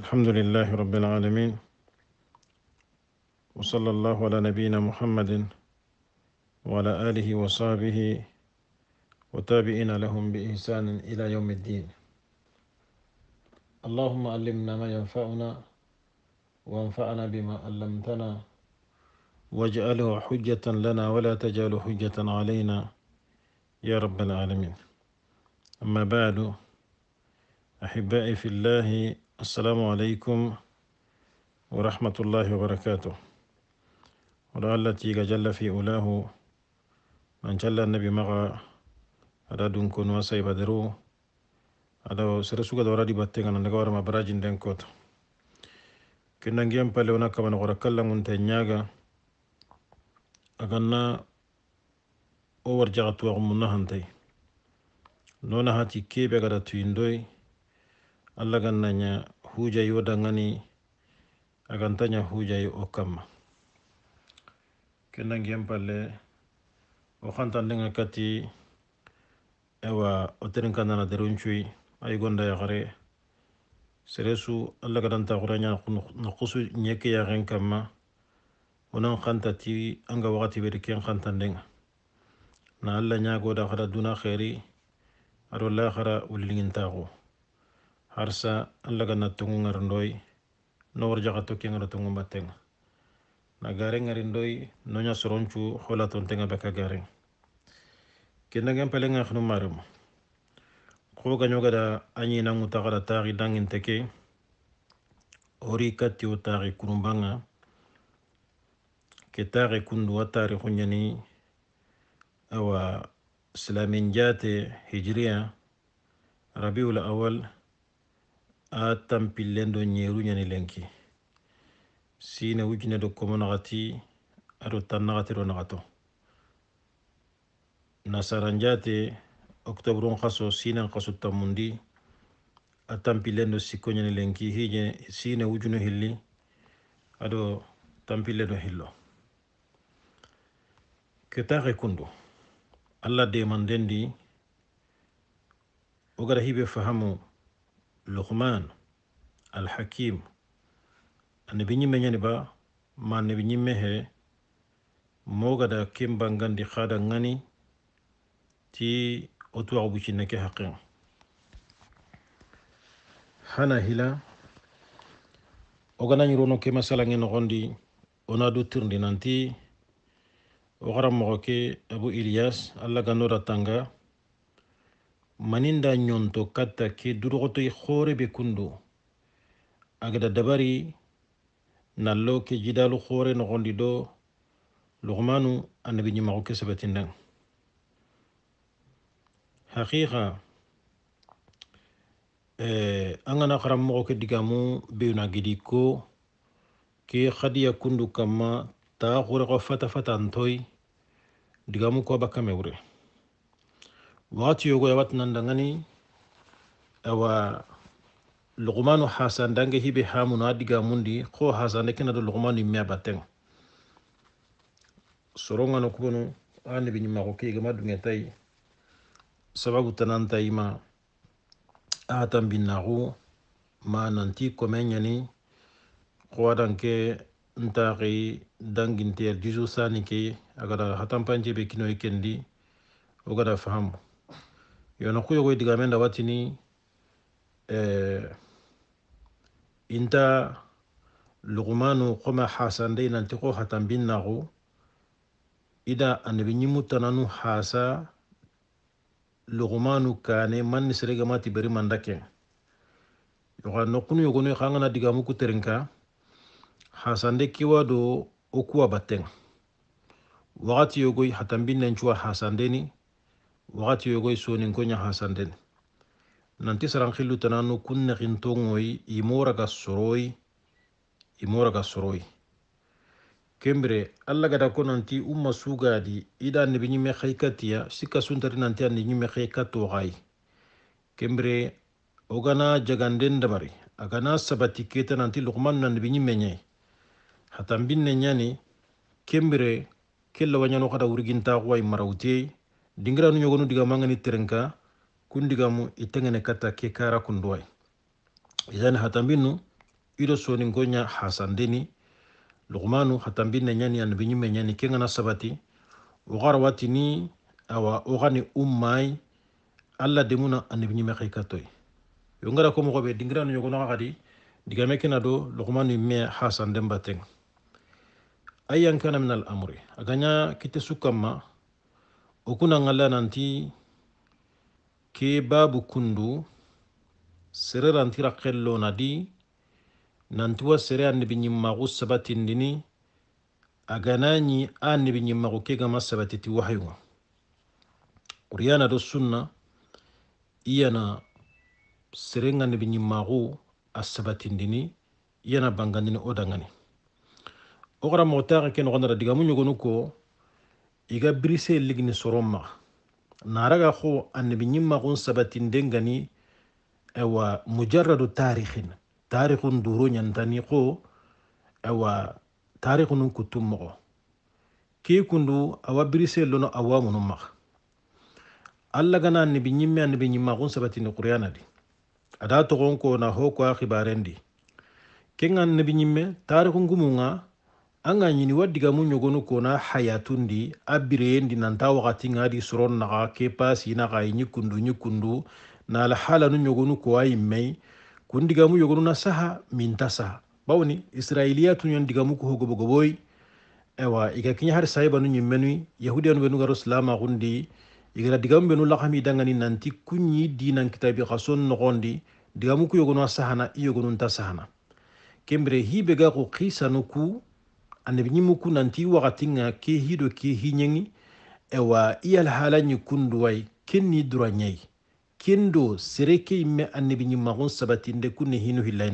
الحمد لله رب العالمين وصلى الله على نبينا محمد وعلى آله وصحبه وتابعين لهم بإحسان إلى يوم الدين اللهم علمنا ما ينفعنا وانفعنا بما علمتنا واجعله حجة لنا ولا تجعل حجة علينا يا رب العالمين أما بعد أحبائي في الله السلام عليكم ورحمة الله وبركاته ولا التي جل في أولاه من جل النبي مغا أدا كون وسي بدرو أدا سرسوك دورا دي باتيغا نغوار ما براجين دين كوت كنا نجيم بالونا كمان غورا كلا منتنياغا أغنى أور جاغتوا غمونا هانتي نونا هاتي كيبه غدا تويندوي alla ganna nya hujayo dangani agantanya hujayo o kamma kendangiyen palle o hantandenga kati ewa o terin deruncuyi ayi gonda yakare seresu alla gadanta xuranya nakusu ɲeke yaxen kanma wonan xantati anga waxati beri ken xantandenga na alla ɲagoda xara duna xeri adolla xara wulilingintaxu harsa laga na tungu ngarandoy no warja ka toki ngara tungu batenga na gareng ngarindoy no nya soronchu hola tontenga beka gareng kendagen peleng ngakh numarum ko ga nyoga da anyi na nguta gara tari dangin teke ori kati o tari kurumbanga ke tari kundu tari kunyani awa silamin jate hijriya rabiul awal a tampillen do ñeeru ñani lenki sine wujune do komo naxati ado tan naxatiro naxato nasaranjate octobre n xaso sinen xasu tammundi a tampillen sikko ñani lenki hije sine wujunu hili ado tampille do hilo ketaxe kundu allah demandendi wo gara fahamu luqman alhakim anabi ñimme ba ma anabi ñimme he mogada bangandi hada ngani ti otuwaxu bucinne ke haqen hana hila oganañirono ke masalange noxondi ona du tirndi nanti o moxo ke abu ilyas allah ganoda tanga maninda nyonto katta ke xoore be kundu agada dabari nallo ke jidalu xoore noxondi do lugmanu annabi ñimaxu ke sabatindang haqiqa eh, an gana xaranmoxo ke digamu beyuna gidi ko ke xadiya kundu kamma ta xurexo fata fatantoy digamu ko bakkame wure wakati yogo ya watu nandangani awa lugumanu hasan dange hibe hamunu adiga mundi ko hasande kena do lugumanu imme baten soronga no kubonu binyi mako ke gama dunga sababu tanan tai ma atan ma nanti komenya ni ko adanke ntaxi danginteer jusu sani ke agada hatanpance be kinoy kendi ogada fahamu yonakuya kuyitikamenda watini eh, inta lugumanu qoma hasande inanti qo ida anabi ɲimutananu hasa lugumanu kane manni mati beri manda ken nokunu yogonu xa ngana digamu ku terenka hasande kiwa do wo kuwa batten waxati yogoy hatanbinnen cuwa wakati yogoy sonin ko ñahasantene nanti sarankillu tananu kun nexintongoy imoraga soroy imoraga soroy kembire alla gada ko nanti umma sugadi ida nebi ñimme xey kattiya sikka suntati nanti andi ñimme xey kattoxay kembire ogana jaganden dabari agana sabati keta nanti luxmanu na nebi ñimme ñay xatan binne ñani kembire ke lawañano xada wurgintaxuway marawutey dingiranu ñogonu diga terengka, terenka kun digamu itengene kata ke kara kunduwai izani hatambinu ido soni ngonya hasandeni luqmanu hatambinne ñani ya biñu me ñani ke ngana sabati garwati ni awa gani ummai alla demuna an ya biñu me xikatoy yo ngara ko moxoɓe dingiranu ñogonoxa xadi diga me do lugmanu me hasan dembateng ayyan kana min al amri aganya kite sukkanma wo kunan alla nanti ke babu kundu sere ranti rakello na di nanti wa sere annabi ñimmaxu sabatindini a ganañi a annabi ñimmaxu ke gama sabatiti waxayuga qur'ana do sunna iyana sere annabi ñimmaxu a sabatindini iyana bangandini o dangani wo xara moxotaxe ke noxonara digamu ñogonu ko iga birise ligini soron maga naraga ho annabi ñimmagun sabatinden gani ewa mujarradu tarihin tarihun duro ñantani ko ewa tarihunun kuttun mogo ke kundu awa birise lono awamunun maga alla gana annabi ñimme annabi ñimmagun sabatini quryanadi ada togon ko na ho ko a xibarendi ken annabi ñimme tarihun gumunga an ga ɲini wa digamu ɲɔgɔnu kona hayatundi a bireyendi nanta wagati ŋa di sɔrɔ naga ke pasi naga ye ɲi kundu ɲi kundu na alhalanu ɲɔgɔnu ko a yi mɛn kun digamu ɲɔgɔnu na saha min ta saha bawni israiliya tun yon digamu ko hogobogoboy ewa iga kinya har sayiba nu ɲimmenu yahudiyan benu garo silama gundi igara digamu benu lakami dangani nanti kunyi dinan kitabi kason nogondi digamu ko yogonu a sahana iyo gonu ta sahana kembre hi bega ko kisanu ku ane ñimu ku nanti wakati nga ke hido ke hinyengi ewa iyal halañi kunduway kenni dura ñayi kendo sere ke yimme annabi sabati nde kune hinu hila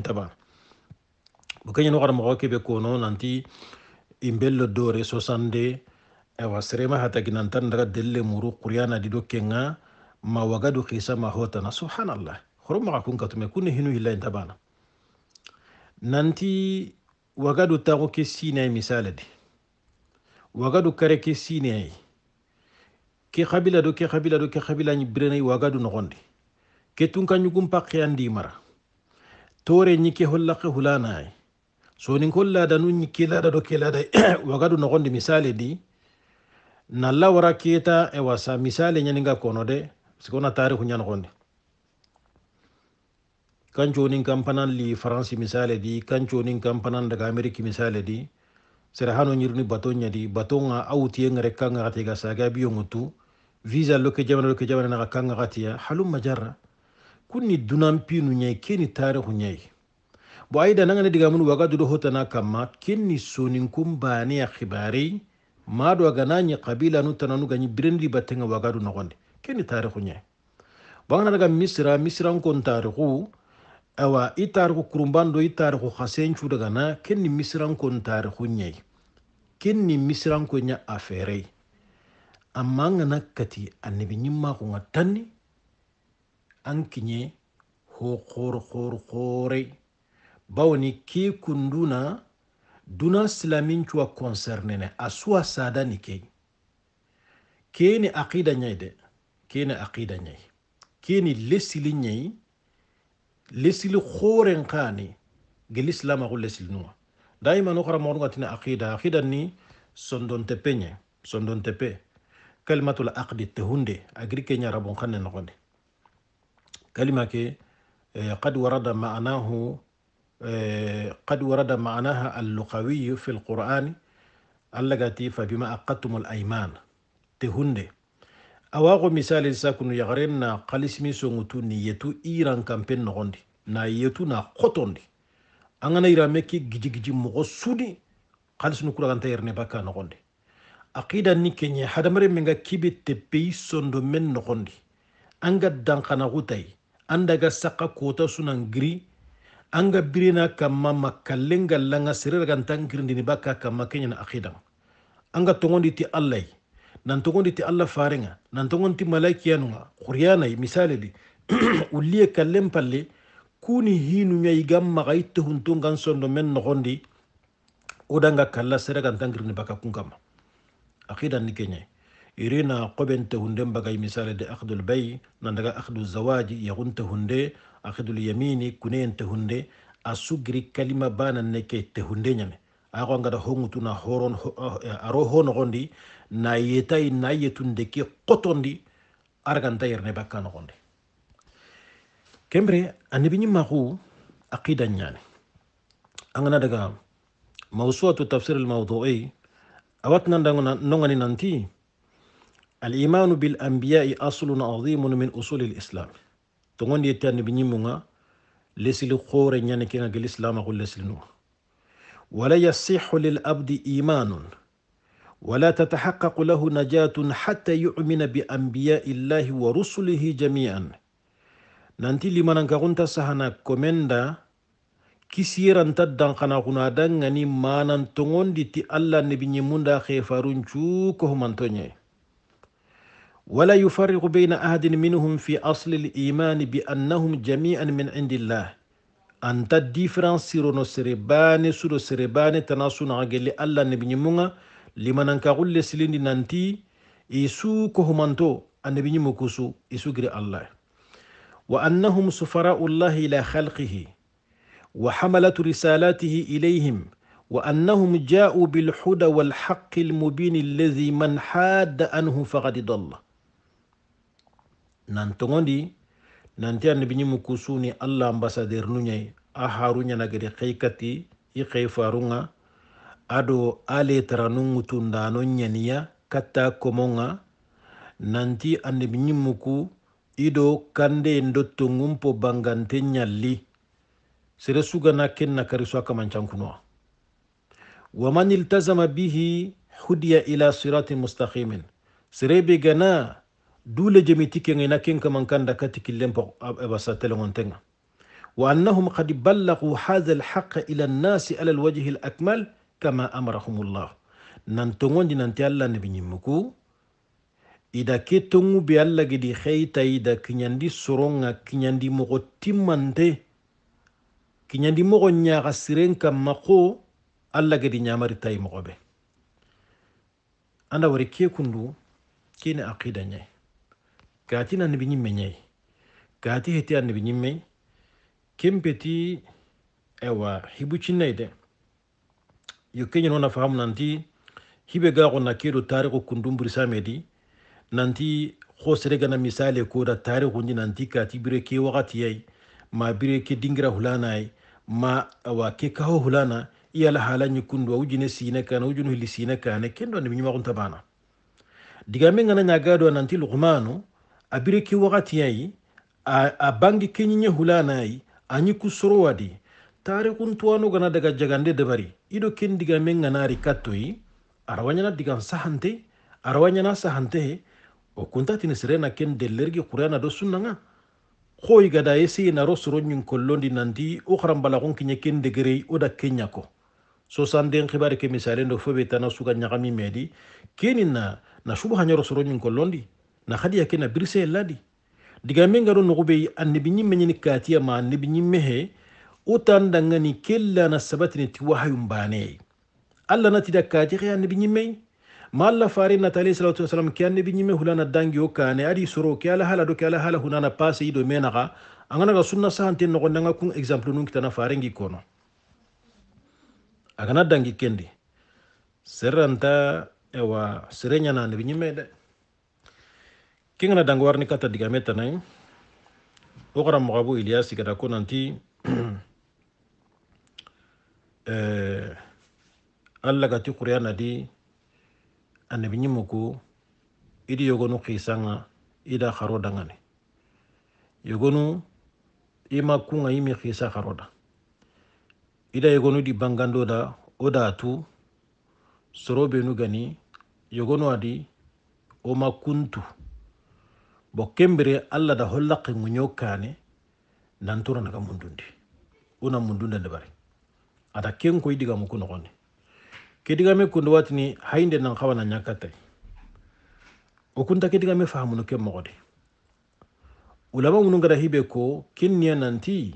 bo keñeno xara maxo kebe kono nanti imbello dore sosande ewa serema hata hataginantan daga dele muru kuryana dido kenga ma wagadu xisa ma hota na subhanallah xoro maxa kun katume kunne hinu na nanti wagadu taxu ke sinai misala di wagadu kare ke sinai ke xabila do ke xabila do ke xabila ñi birenay wagadu noxondi ke tunka ñugum paqeyandi mara tore ñi ke hollaqe hulanaay sonin kol lada nu ñi ke lada do ke lada wagadu noxondi misale di nalla wara keta e wasa misale ñaninga kono de parce que ona tarixu ñanoxondi kancunin kampanan li faransi misale di kancunin kampanan daga ameriki misale di sera hano nyirni di di batonga au awutiye ngare ga saga biyongo tu visa loke jamana loke jamana naxa ya halumma jarra kunni pinu nyai keni tarixu nyai bo ayida nangane digamunu wagadudo hotana kamma kenni kumbani baneya madu agananya a gana nanyi kabila nu tananu gañi birendi battenga wagadu noxonde kenni tarixu nyai bangana daga misra misiran kon awa i tariku kurunbando i tariku hasencu daga na ken ni misirankon tariku ɲai ken ni misran ko nya afere amma ngana kati annabi ɲimmakun ko ngatanni an kinye ho khor khor khore bawni ki kunduna duna concerne ne aswa sada ni ke keni aqida nyai de keni aqida nyai keni lesili ɲai لسل خورن قاني جل إسلام أقول لسل نوا دائما نقرا مورغا تنا أقيدة أقيدة ني سندون تبيني سندون تبي كلمة الأقد تهوندي أجري كينيا ربون خان نغوني كلمة كي آه، قد ورد معناه آه، قد ورد معناها اللغوي في القرآن اللغتي فبما أقدتم الأيمان تهوندي awaxo misali sakunu yaxaren na xalisimi ngutuni ni yetu iran yiran kanpen noxondi na yetu na xotondi an gana yiranme ke gijigiji moxo suni xalisinu kuraganta yerene bakka noxondi aqida ni keɲe hadamaren men kibe tepeyi sondo men noxondi an ga danxanaxutayi an daga saxa kota sunan giri an ga birena kanma makallen gallan ga sereragantan girindini bakka kanma keɲena aqidan an ga ti allayi nantogondi ti allah farenga nantogon ti malakiyanunga quryanayi misaledi ulliye kallen palle kuni hinuya igan maga itte huntun gan sondo men nogondi odanga kalla seregantangirini baka kun kama akidanni keñayi irina koɓen tehunden bagay misale di akhdul bay nandaga akhdu zawaji yagun tehunde akhdul yamini kuneyen tehunde a sugiri kalima bananne ke tehunde ñame axo angada hongutuna horon ah, eh, aro ho noxondi نايتاي نايتون ديكي قطن دي أرغان تاير نباكا نغن دي كمري أني بني مغو أقيدا نياني أنغنا دقا موسوعة تفسير الموضوعي أواتنا نغني ننتي الإيمان بالأنبياء أصل عظيم من أصول الإسلام تغن دي تاني بني مغا لسل خور نياني ولا يصح للأبد إيمان ولا تتحقق له نجاة حتى يؤمن بأنبياء الله ورسله جميعا لما تسهنا nanti limanankaxunta sahana komenda kisiranta danxanaxuna da ŋani manantoŋondi ti alla nebiɲimunda xefaruncu kohumantoɲe ولا يفرق بين أحد منهم في أصل الإيمان بأنهم جميعا من عند الله أنت ديفرانس سيرونو سرباني سورو سرباني تناسون عقل الله نبني مونغا limanankaxulle silindi nanti isu kohumanto annabiñimu kusu isu giri allah wa annahum sufarau llahi ila khalqihi wa hamalat risalatihi ilayhim wa annahum ja'u bilhuda walhaqi almubini allazi man hadda anhu faqad dalla nan togondi nanti annabiñimu kusu ni allah ambassadeur nu ñayi a haruñanagedi xey kati i xey ado ale taranun tundanon nyaniya katta komonga nanti annabi ido kande ndotto ngumpo bangante nyalli sere sugana kenna kariso akamancankunoa waman iltazama bihi hudia ila sirati mustakimin serebe gana dule jemiti kenge na ken kaman kanda kati killempo ebasatelongontenga وأنهم قد بلغوا هذا الحق إلى الناس على الوجه الأكمل kama amrahumullah nan togondi nanti ne nebi ñimmuku ida ke tongu alla allah di xeyta ida kinyandi kiñandi soronga kiñandi moxo timmante kiñandi nya ñaxa siren kamma xo allah gedi ñamari tayi moxo be anda wori ke kundu kene aqida ñayi gati nan nebi ñimme ñayi gati heti an nebi ñimmey kempeti ewa hibucinnayi de yo keñeno fahamu nanti hibe ga xona kedo tarixu kundumburi samedi nanti xo seregana misale koda tarixundi nanti kati bire ke wakati yai ma bire ke dingira hulana hulanai ma wa ke kaho hulana i hala halañi kundu awu jine sine kane awu junu hili sine kane ken do nemi ñimaxunta bana digame ngana ñagado nanti luxumanu abire ke wakati yai a bangi hulana hulanayi añi ku wadi taarikuntuwano gana daga jagande dabari ido ken digame ganari kattoyi arawanyana digan sahante arawanyana sahante o kuntatini sirena ken dellergi qurana do sunnanga hoy gadaye si naro soroñin kollondi nanti o harambalagun kiñe ken degerey o da keñako sosanden xibari ke misalen do fobe tana suga ñagami meedi keni na na subahañaro soroñin kollondi na hadiya ke na birse ladi digame ngaro noxubeyi annabi ñimmeñini katiya ma annabi ñimme he utan dangani kella na sabati niti wahayum bane alla nati da kaji ya nabi nyimme ma alla fari na tali salatu wasalam ke nabi nyimme hulana dangi okane adi soro ke ala hala do ke ala hala hunana pase ido menaga angana ga sunna sahante no gondanga kun example nun kitana farengi kono agana dangi kendi serranta ewa serenya na nabi nyimme de kingana dangwarni kata digameta nay ogara magabu ilyasi kada konanti Eh, allah gati qur'ana di annabi ñimu idi yogonu xiisanga ida xaro dangane yogonu ima kunga imi xiisa xaro da ida yogonu di bangando da wo datu tu soro benu gani yogonu adi wo ma kuntu bo kembere allah da hollaqi ŋuño kane nantura naga mundundi una mundunda ndebari ata ken koy digamu ku noxone ke digame kundu watini hayinde nan xawana ñakkatay wo kunta ke digame fahamunu ken moxode ulama munu gada hibe ko kin ni nanti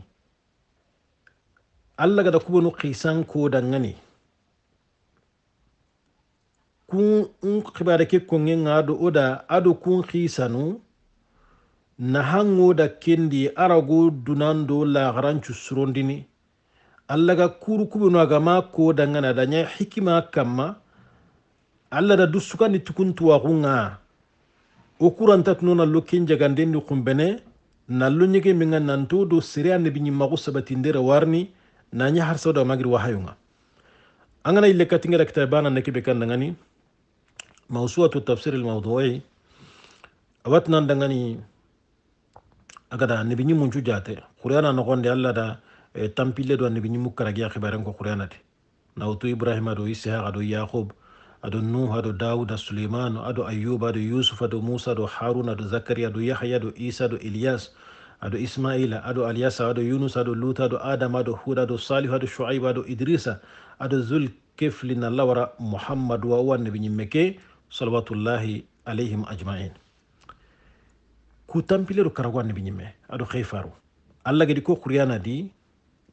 allah gada kubonu ko kodangani kun un xibare ke konge ŋa do wo da ado kun xisanu nahanŋo da kendi arago dunando la garanchu surondini allah ga kuru ma ko dangana daña hikima kamma allah da dussukandi tukuntuwaxunga wo kurantatino nallo ken jagandendi xumbene nallo ñege menga nanto do sere annabi ñimmaxu sabatindere warni nya har sawda wa hayunga angana ille bana kitabana kibe kan dangani mawsuatu tafsir awatna dangani agada annabi munju jate no gonde allah da tampille do annabi ñimmu karagi a xibaren ko xurenade nawtu ibrahima aɗo isihaqa aɗo yaqub ado nuh ado dawud a suleymanu aɗo ayuba aɗo yusuf aɗo musa aɗo harun aɗo zacharia aɗo yahya aɗo isa aɗo ilias aɗo ismaila aɗo alyasa aɗo yunus aɗo luta aɗo adam aɗo hud aɗo salihu aɗo shuaiba aɗo idrisa ado zul nalla wara muhammad wa o annabi ñimme ke salawatullahi alayhim ajmain ku tampilleɗo karago annabi ñimme aɗo heyfaru allah gadi ko qur'ana di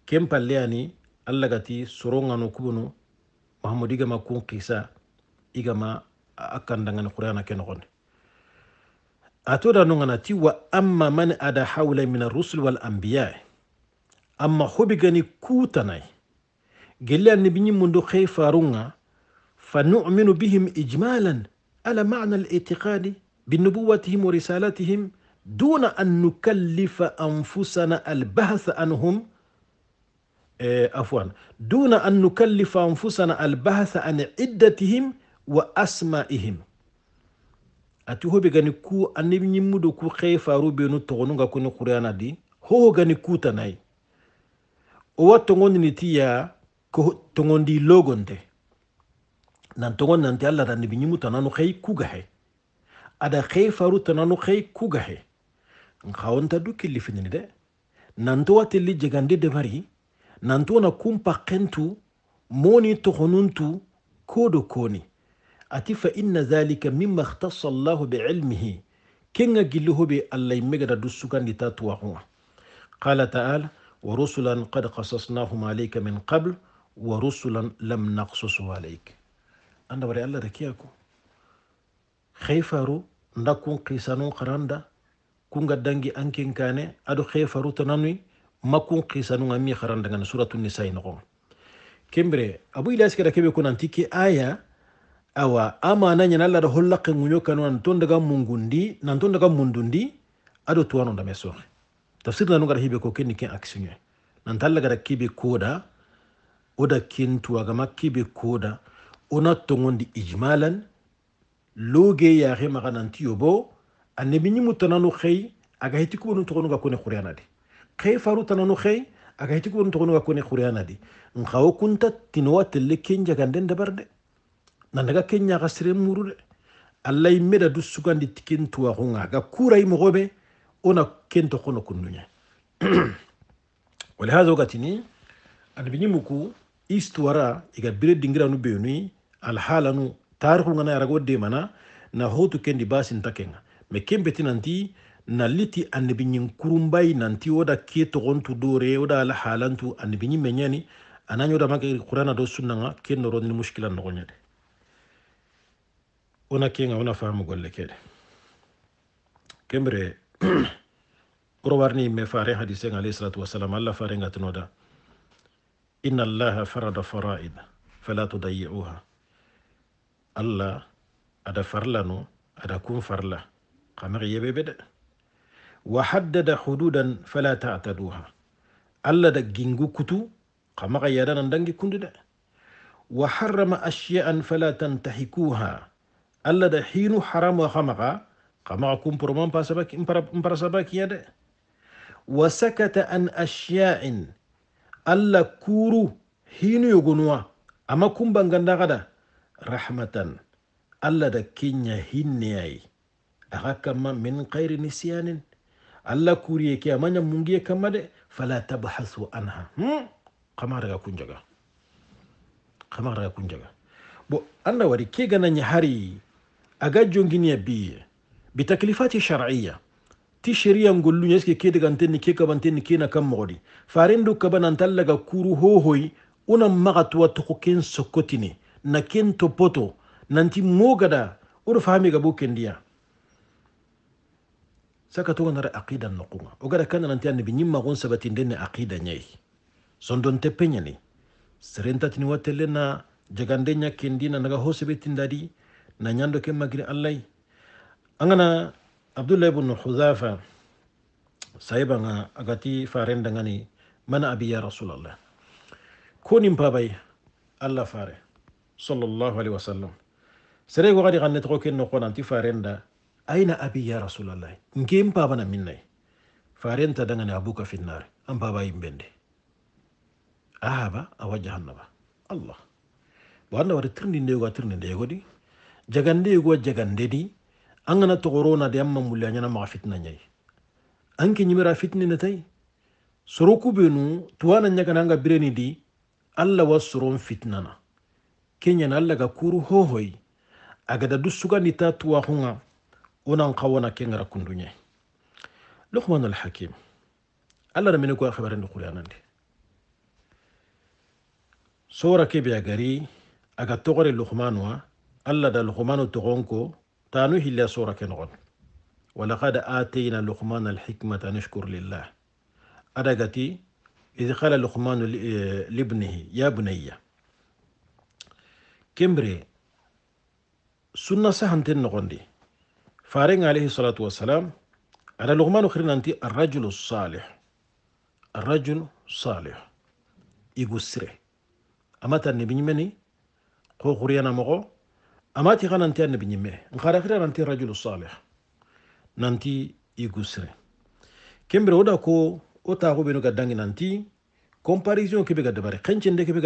ken palleyani allah gati sorongano kubono mahamadu igama kun kisa igama a kandangani qur'ana ke nogondi atoda nongana ti wa amma man ada hawla min arrusul wal anbiya amma hobi gani kutanay gelle annabi ñimmundo xey farunga fa numinu bihim ijmalan ala mana alitiqadi binubuwatihim wa risalatihim duna an nukallifa anfusana albahth anhum عفوا دون أن نكلف أنفسنا البحث عن عدتهم وأسمائهم ati ho be gani ku annabi nyimmu do ku khay faru be togonu ga kunu qur'ana di ho gani ku tanai o watto ngondini tiya ko tongondi logonte nan tongon nan ti alla tan bi nyimmu tananu khay ku ga he ada khay faru tananu khay ku ga he ngawonta du kilifini de nan to watti li jegande de bari nantona kumpakentu moni تغننتو كودو كوني atifa inna zalika mimma ikhtassa allahu biilmihi kenga gilluho be allah yimmegada dussugandi ta tuwaxunga qala taala wa rusulan qad qasasnahum alayka min qabl wa rusulan lam naqsusu alayk anda wari allah da kiyako xeefaru qisanun xaranda kunga dangi ankin kane ado xeefaru tananui makun nunga mi kharan dengan suratu nisa inogo kembre abu ilas kera kebe kuna antiki aya awa ama nyana alla da holla kangunyo kanu anton daga mungundi nanton daga mundundi ado tuwano da meso tafsir nanu gara hibe koke ni ken aksinyo nan talla gara kibe koda oda kintu agama gama kibe koda ona tongondi ijmalan loge ya he magananti yobo annabi ni mutananu khay aga hiti ko nu tokonu ga kone qur'ana de kei faru tananu kei akayti kubun tokoni wakone khuriyanadi nkawo kunta tinowa telle kenja ganden dabarde nandaga kenya ka sire murude allah imeda du sugandi tikin tuwa kunga ga kurai mogobe ona kento kono kunnunya wala hadha wakatini anabinyi muku istuwara iga bire dingira nu beunui alhala nu tarikhu ngana yarago demana na hotu kendi basin takenga me kembe tinanti naliti annibinyin kurumbai nanti woda ke togontu dore woda ala halantu annibinyin menyani ananyo da maka qur'ana do sunna nga ke noro ni mushkila no gonyade ona ke nga ona faamu golle kede kembre oro warni me fare hadise nga alayhi salatu wassalam alla fare nga tinoda inna allaha farada fara'id fala tudayyi'uha alla ada farla ada kun farla kamar yebebe de وحدد حدودا فلا تعتدوها ألا دجنجو كتو قمغ يدانا دنجي كندد وحرم أشياء فلا تنتهكوها ألا دحين حرام وخمغا قمغ كم برمان باسبك امبرسبك يد وسكت عن أشياء ألا كورو حين يغنوا أما كم بانغندا غدا رحمة ألا دكين هينياي أغاكما من غير نسيان allah kuriyeke amaña mungiye kamma de fala tabhasu anha hmm? ga kunjaga kamara ga kunjaga bo anda wari ke ganañi hari aga jonginiya biye bitaklifati shar'iya ti sharia ngolluña est ce que ke dagantenni ke kabantenni kena kam moxodi faren do kaba nantallaga kuru hohoy una maxatuwa toxo ken sokotini na ken topoto nanti mogada oɗo famega bo kendiya saka to nara aqida nokunga ogara kana nanti annabi nyimma gon sabati ndenne aqida nyai sondon tepenya ni serenta tini watelle jagande nya kendina naga hosebe tindadi na nyando ke magri allai angana abdullah ibn huzafa saiba nga agati farenda ngani mana abi ya rasulullah koni mpabai allah fare sallallahu alaihi wasallam sere go gadi ganne to ken no konanti farenda أين أبي يا رسول الله نكيم بابنا مني فارنت دعنا أبوك في النار أم بابا يمبند أهابا أو جهنم الله وأنا ورترني نيوغا ترني نيوغا دي جغاندي يغو جغاندي دي أنغنا تغرونا دي أما مولانينا مع فتنة نيي أنك نمرا فتنة نتاي سروكو بينو توانا نيغا نانغا بريني دي الله وسرون فتنة كينيان الله كورو هوهوي أغدا دوسوغا نتا تواخونا ونان قوانا كين غرا كندوني لقمان الحكيم ألا رمينو كوار خبر نقول يانا دي سورة كي بيغاري أغا تغري لقمانوا ألا دا لقمانو تغنكو تانوه إلا سورة كي نغن ولقد آتينا لقمان الحكمة نشكر لله أدغتي إذ قال لقمان لابنه يا بني كمبري سنة سهنتين نغندي فارين عليه الصلاة والسلام على لغمان خرين أنت الرجل الصالح الرجل صالح يقسره أما تاني بنيمني قو خريانا مغو أما تغانا أنت نبني بنيمه نخار خيرنا أنت الرجل الصالح ننتي يقسره كمبر ودا كو أتاقو بينو قداني ننتي كمباريزيون kebe ga dabari kancin da kebe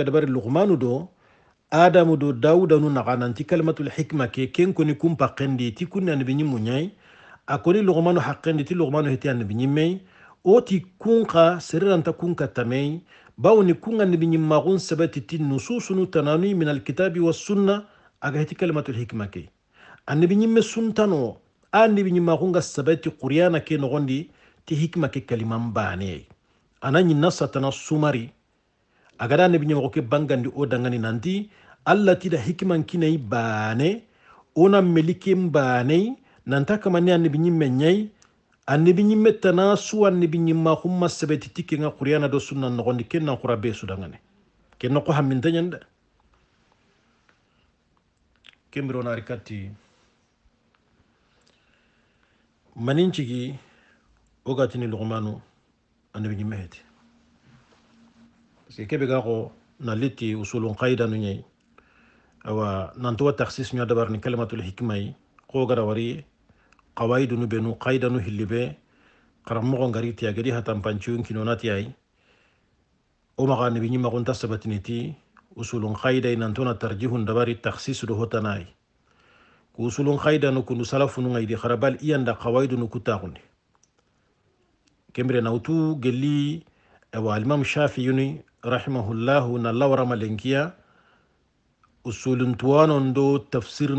adamu do dawuda nu naxananti kalimatul hikma ke ken koni kun paxendi ti kun anabi ɲimu ɲai a koni luxumanu haqendi ti luxumanu heti anabi ɲimmei wo ti kun xa sereranta kun kattamei bawo ni kun anabi ɲimmaxun sebeti ti nususunu tananui min alkitabi wasunna aga heti kalimatul hikma ke anabi ɲimme suntano a anabi ɲimmaxun ga sebeti quriyana ke noxondi ti hikma ke kaliman baneyei ana ɲinna satana sumari agada anabi ɲimaxo ke bangandi wo dangani nanti allah tida hikiman kinai bane ona melikin banai nanta kamani annabi ñimme ñayi annabi ñimme tana su annabi ñimma humma sebeti ti kenga qur'ana do sunna nogondi ken nan qura be sudangane ken noko hamminta ñande kembironari katti manin cigi wo gatini lugumanu annabi ñimme heti parce que kebe ga ko na litti usulun qaida ñayi awa nantuwa taxis ño dabar ni kalimatul hikma yi qogara wari qawaidu nu benu qaida nu hillibe qarammogo ngari tiya gedi hatampancuun kinonatiyayi o maxa nebi ñimaxunta sabatiniti usulun qaiday nantuna tarjihun dabari taxsisu do hotanayi ku usulun qaida nu kundu salafunungayidi xarabal iyanda qawaidu nu kutaxundi kembire nawtu gelli awa alimam shafiyuni rahimahullahu na lawarama lenkiya ndo tafsir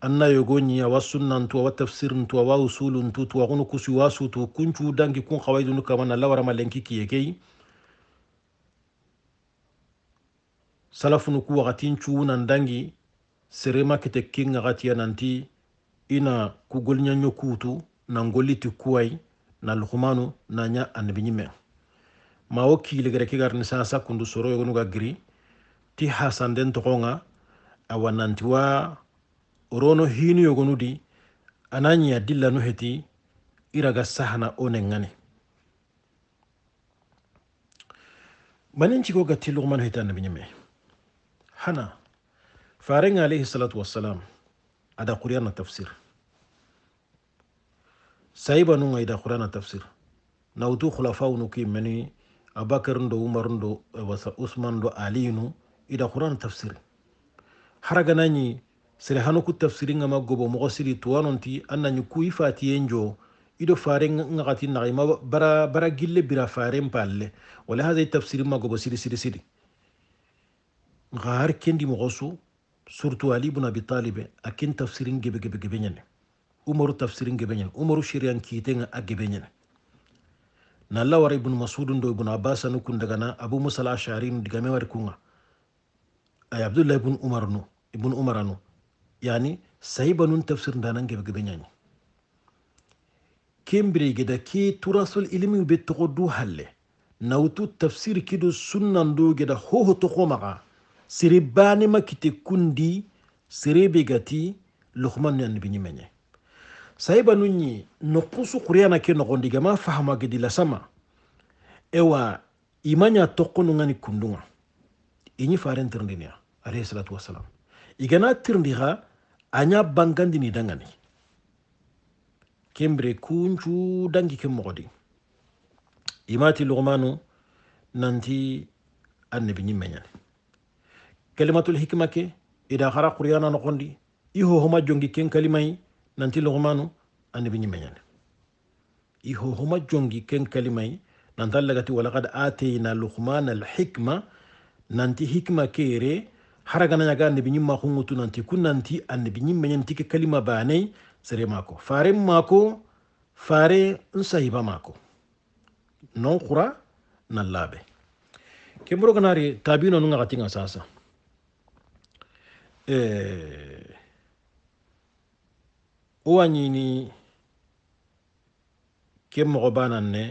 anna yogoni ya wasunna annayogoñiya wa tafsir sunnantuwa wa usulu wa tuwa tuwaxunu kusi wasu tu kunchu dangi kun xawaydunu kamana lawara lenki kiye salafu salafunu ku nchu una ndangi serema kite kinga kin ya nanti ina ku golɲanɲo kutu nan golliti kuwai na lukumanu na nya anibinyime ma ili kiiligere ke garini kundu soro yogonu ga giri ti hasanden togonga awa nantiwa orono hinu yogonudi ananya dillanu heti iraga sahana onen ngani manin ciko gatti lugmanu heti annabi ñeme hana farenga alayhi salatu wassalam ada qur'ana tafsir sayiba ida qur'ana tafsir nawtu khulafau nu ki meni abakar ndo umar ida qur'an tafsir haraga nanyi sere hanu ku tafsiri nga magobo mo siri tuwanonti annanyi ku ifati enjo ido fare ngakati naxi ma bara, bara gille bira fare mpalle wala haza i tafsiri magobo siri siri siri nxa har kendi mo gosu surtu ali ibn abi talib akin ken tafsirin gebe gebe gebe nyane umaru tafsirin gebe nyane umaru shiriyan kiitenga a gebe ñane na lawara ibn masud ndo ibn abbas anu kun abu musa al ashari nu digame wari kunga ay abdullah ibn umar no ibn umar no yani sahiba nun tafsir danan gebe gebe nyani kembri gida ki turasul ilmi be togodu halle nawtu tafsir kido sunnan do gida hoho togo maga siri bani makite kundi siri bigati luqman nan bini menye sahiba nunyi nokusu qur'ana ke nogondi gama fahama gidi la sama ewa imanya tokono ngani kundunga inyi farentrindinia alayhi salatu wasalam igana tirndi ha aña bangandini dangani kembre kuncu dangi ke moxodi imati luxumanu nanti annabi ñimme ñani kalimatul hikma ke ida xara qur'ana noxondi i hohoma jongi ken kalimayi nanti luxumanu annabi ñimme ñani i hohoma jongi ken kalimayi nanta lagati walakad ateyna luxumana alhikma nanti hikma kere haragananyaga annabi ñimma hunŋotu nanti kun nanti annabi ñimme ñanti ke kalima banay sere mako fare mako fare n mako non xura na labe ke mboroganari tabino nunga ŋaxatinga sasa wo wa ñini ke ne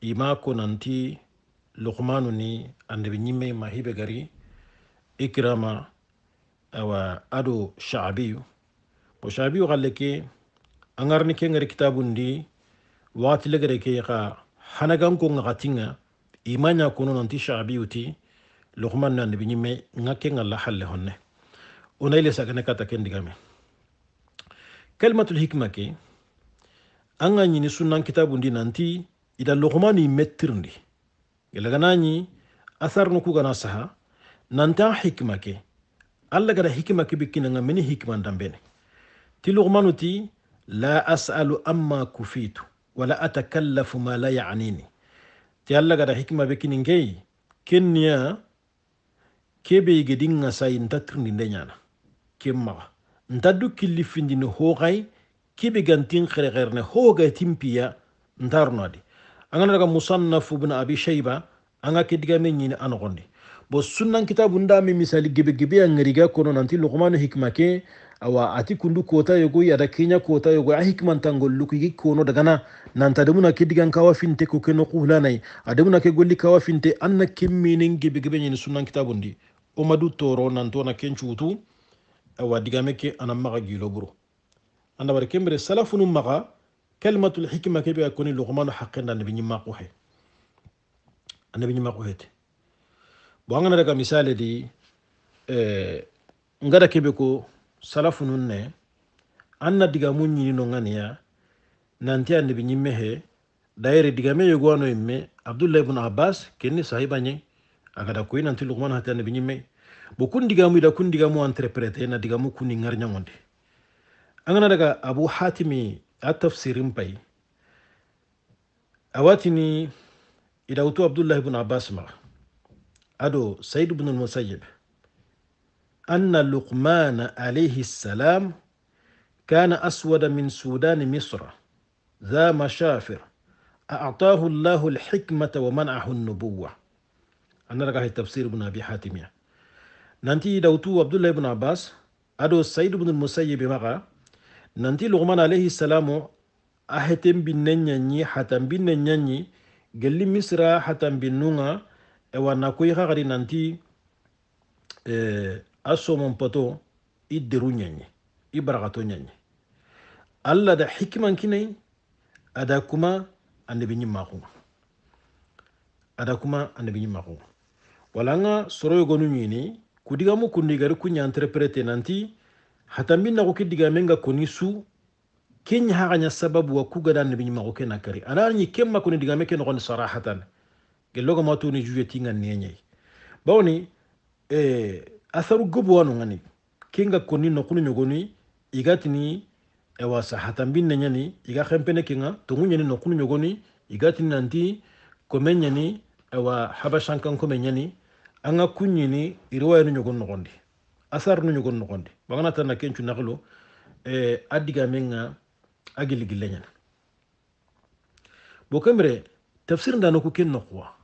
imako nanti luqmanu ni annabi ñimme ma hibe ikrama awa ado shaabiyu bo shaabiyu xalle ke a ngarni ke ngari kitabundi waxati legere ke xa hanagankonga xatinga ima ña kono nanti shaabiyu ti luxuman na ndibi ñimme nga ke ngalla halle honne ona ile sagane kata ke ndigame kalmatul hikma ke a ga ñini sunnan kitabundi nanti ila ida luxumani mettirndi gelaganañi asarnu kugana saha nanta hikma ke allah gara hikma ke bikkinanga mini hikman dambene ti lugmanu ti la asalu amma kufitu wala atakallafu ma la yanini ti allah gara hikma be kini ngeyi kenniya kebe gedinga sayi ntatirndi nde ñana ken maxa ntaddu killifindini hooxay kebe gantin xerexerne hoogatin piya ntaruno adi a ngana daga musannafu bna abi shayba a nga ke digame ñini a noxondi bo sunnan kitabunda mi misali gebegebe angariga kono nanti luqmanu hikma ke awa ati kundu kota yogo yada kenya kota yogo a hikmantan kigi kono dagana nanta demuna ke digan kawa finte ko keno kuhlanai ademuna ke golli kawa finte anna kemminen gebegebe ñini sunnan kitabundi o madu toro nantona ken cuutu awa digame ke anan maga gilo buro anda bari kembere salafunu maga kalmatul hikma kebe a koni luqmanu haqqenda annabi ñimma quhe annabi bon an kana daga misali di eh, ngada kebe ko salafu nun ne an na diga mun ɲini no ŋaniya nanti a nibi ɲimme he dayere diga me yogo ano imme abdullahi ibn abbas kenni sahiba ɲe a kada koyi nanti lukman hati a nibi ɲimme bo kun mu ida kun diga mu entreprete na digamu kun ni ŋari ɲaŋonde an kana daga abu hatimi a tafsirin pai ida idawutu abdullahi ibn abbas maga أدو سيد بن المسيب أن لقمان عليه السلام كان أسود من سودان مصر ذا مشافر أعطاه الله الحكمة ومنعه النبوة أنا رقاه التفسير بن أبي حاتم ننتي دوتو عبد الله بن عباس أدو سيد بن المسيب مغا ننتي لقمان عليه السلام أهتم بالنيني حتم بالنيني قال لي مصر حتم بالنونا E na koyi hakadi nanti eh, a somon poto i deru ɲaɲe i barakato ɲaɲe alla da hikiman kinai ada kuma annabi ɲin makunga ada kuma annabi ɲin makunga wala an ga soro yogonu ɲini kudigamu kundigari kuɲa entreprete nanti hatambi nago ke digamen ga koni su ke ɲaha ka sababu wa ku gada annabi ɲin mako ke na kari ana ɲi ke makoni digame ke nogoni sarahatan gellogo ma tuni juye tinga nenye bawni eh atharu gubu wanu ngani kinga koni no kunu nyogoni igatini ewa sahatan bin nyani iga khempene kinga tungu nyani no kunu nyogoni igatini nanti komenyani ewa habashankan komenyani anga kunyini irwa yanu nyogon nogondi asar nu nyogon nogondi bangana tana kenchu naklo eh adiga menga agiligilenya bokemre tafsir ndano ku ken noqwa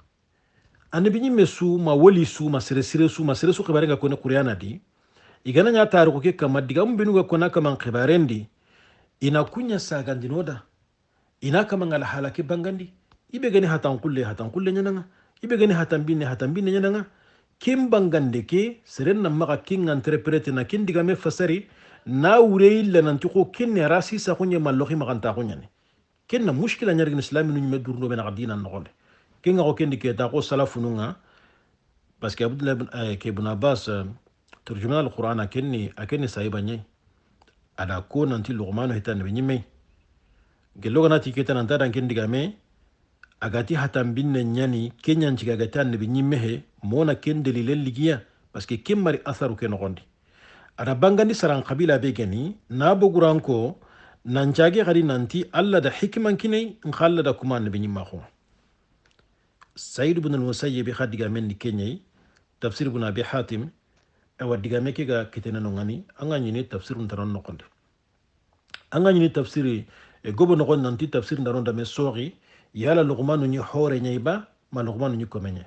anabi ñimme suuma woli suuma sere sire suuma sere su xibare ga kone qur'anadi igana ña taariku ke kama digamu benuga kona kaman xibarendi ina kuña sagandinoda ina kaman alhala ke bangandi ibe gani hatan kulle hatan kulle ñananga ibe gani hatan binne hatan binne ñananga kin bangande ke seren nan maga kin interprete na kin digame fasari na wurei lananti ko kin ne rasi sa kuñe malloxi maxanta xuñani ken na muskila ñarigin islami nu ñume durno ɓe naxa dinan noxonde kenga ko kendi keta ko sala fununga parce que abdullah ibn eh, ke ibn abbas eh, turjuma turjuman alquran akenni akenni sahiba nyai ada ko nanti luqman hitan be nyimme gello gana ti keta nan tadan kendi game agati hatan binne nyani kenyan ci gagati tan be nyimme he mona kendeli lelligiya parce que kim mari atharu ke gondi ada bangandi saran qabila be gani na buguran ko nan cage gari nanti alla da hikman kinai in khalla da kuma annabi nyimma ko said ibn al-musayyib ha diga men ni kenyai tafsir ibn abi hatim awa diga me ke ga kitena no ngani anga nyini tafsir ndaron no konde anga nyini tafsiri e gobo no konde nanti tafsir ndaron da me sori yala luqmanu ni hore nyai ba ma luqmanu ni komenye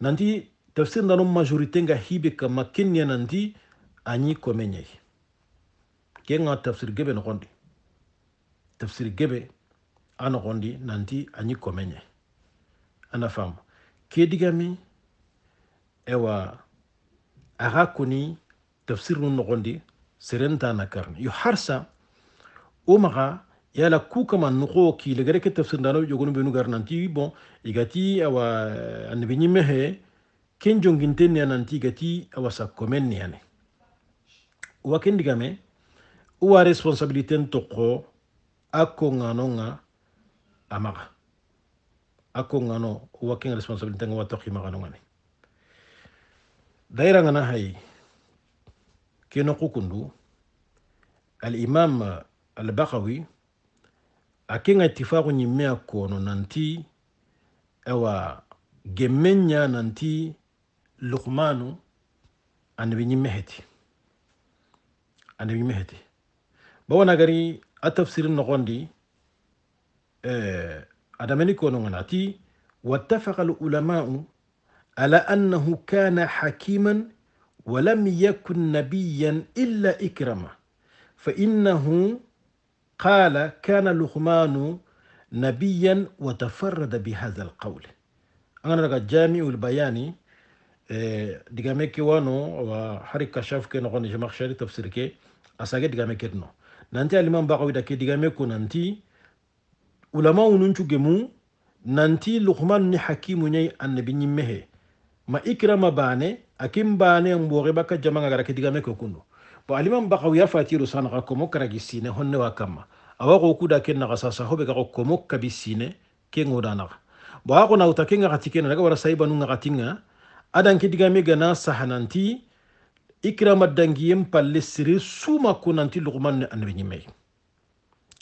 nanti tafsir ndaron majorité nga hibe ka makenya nanti anyi komenye ke nga tafsir gebe no konde tafsir gebe ana konde nanti anyi komenye anafahamu kedigami ewa aga kuni tafsir nu nogondi serenta na karni yo harsa o maga yala ku kama nogo kiilegere ke tafsir ndano yogonu benu garnanti bon igati awa annabi mehe ken jonginte ne nanti igati awa komen ne ane wa ken digame uwa responsabilité ntoko toqo a amaga ako ngano waking responsibility nga watoki magano ngani daira ngana hay kino kukundu al-imam al-baqawi akinga itifaku nyimea kono nanti ewa gemenya nanti luqmanu anabi ñimme heti anabi ñimme heti bawona gari a tafsir noxondi eh, هذا ملك ونغناتي واتفق العلماء على أنه كان حكيما ولم يكن نبيا إلا إكرما فإنه قال كان لقمان نبيا وتفرد بهذا القول أنا رجع جامع البياني دعامي كيوانو وحرك كشاف كي نغني جمع شاري تفسير كي أساقي دعامي كيرنو نانتي الإمام باقوي دكي دعامي كونانتي ulamaw nun cugemu nanti luqman ni hakimu ñayi annabi ñimmehe ma ikrama baane akim bane mboore bakka jamanga gara kidigame ko kundu bo alimam bakaw ya fatiru sanaka komo karagi sine honne wa kamma awa ko kuda ken naga sasa hobe ga komo kabi sine ken odanaga bo ako nauta ken ga tikena daga wara saibanu ga tinga adan kidigame gana sahananti ikrama dangiyem palle siri suma kunanti luqman ni annabi ñimmey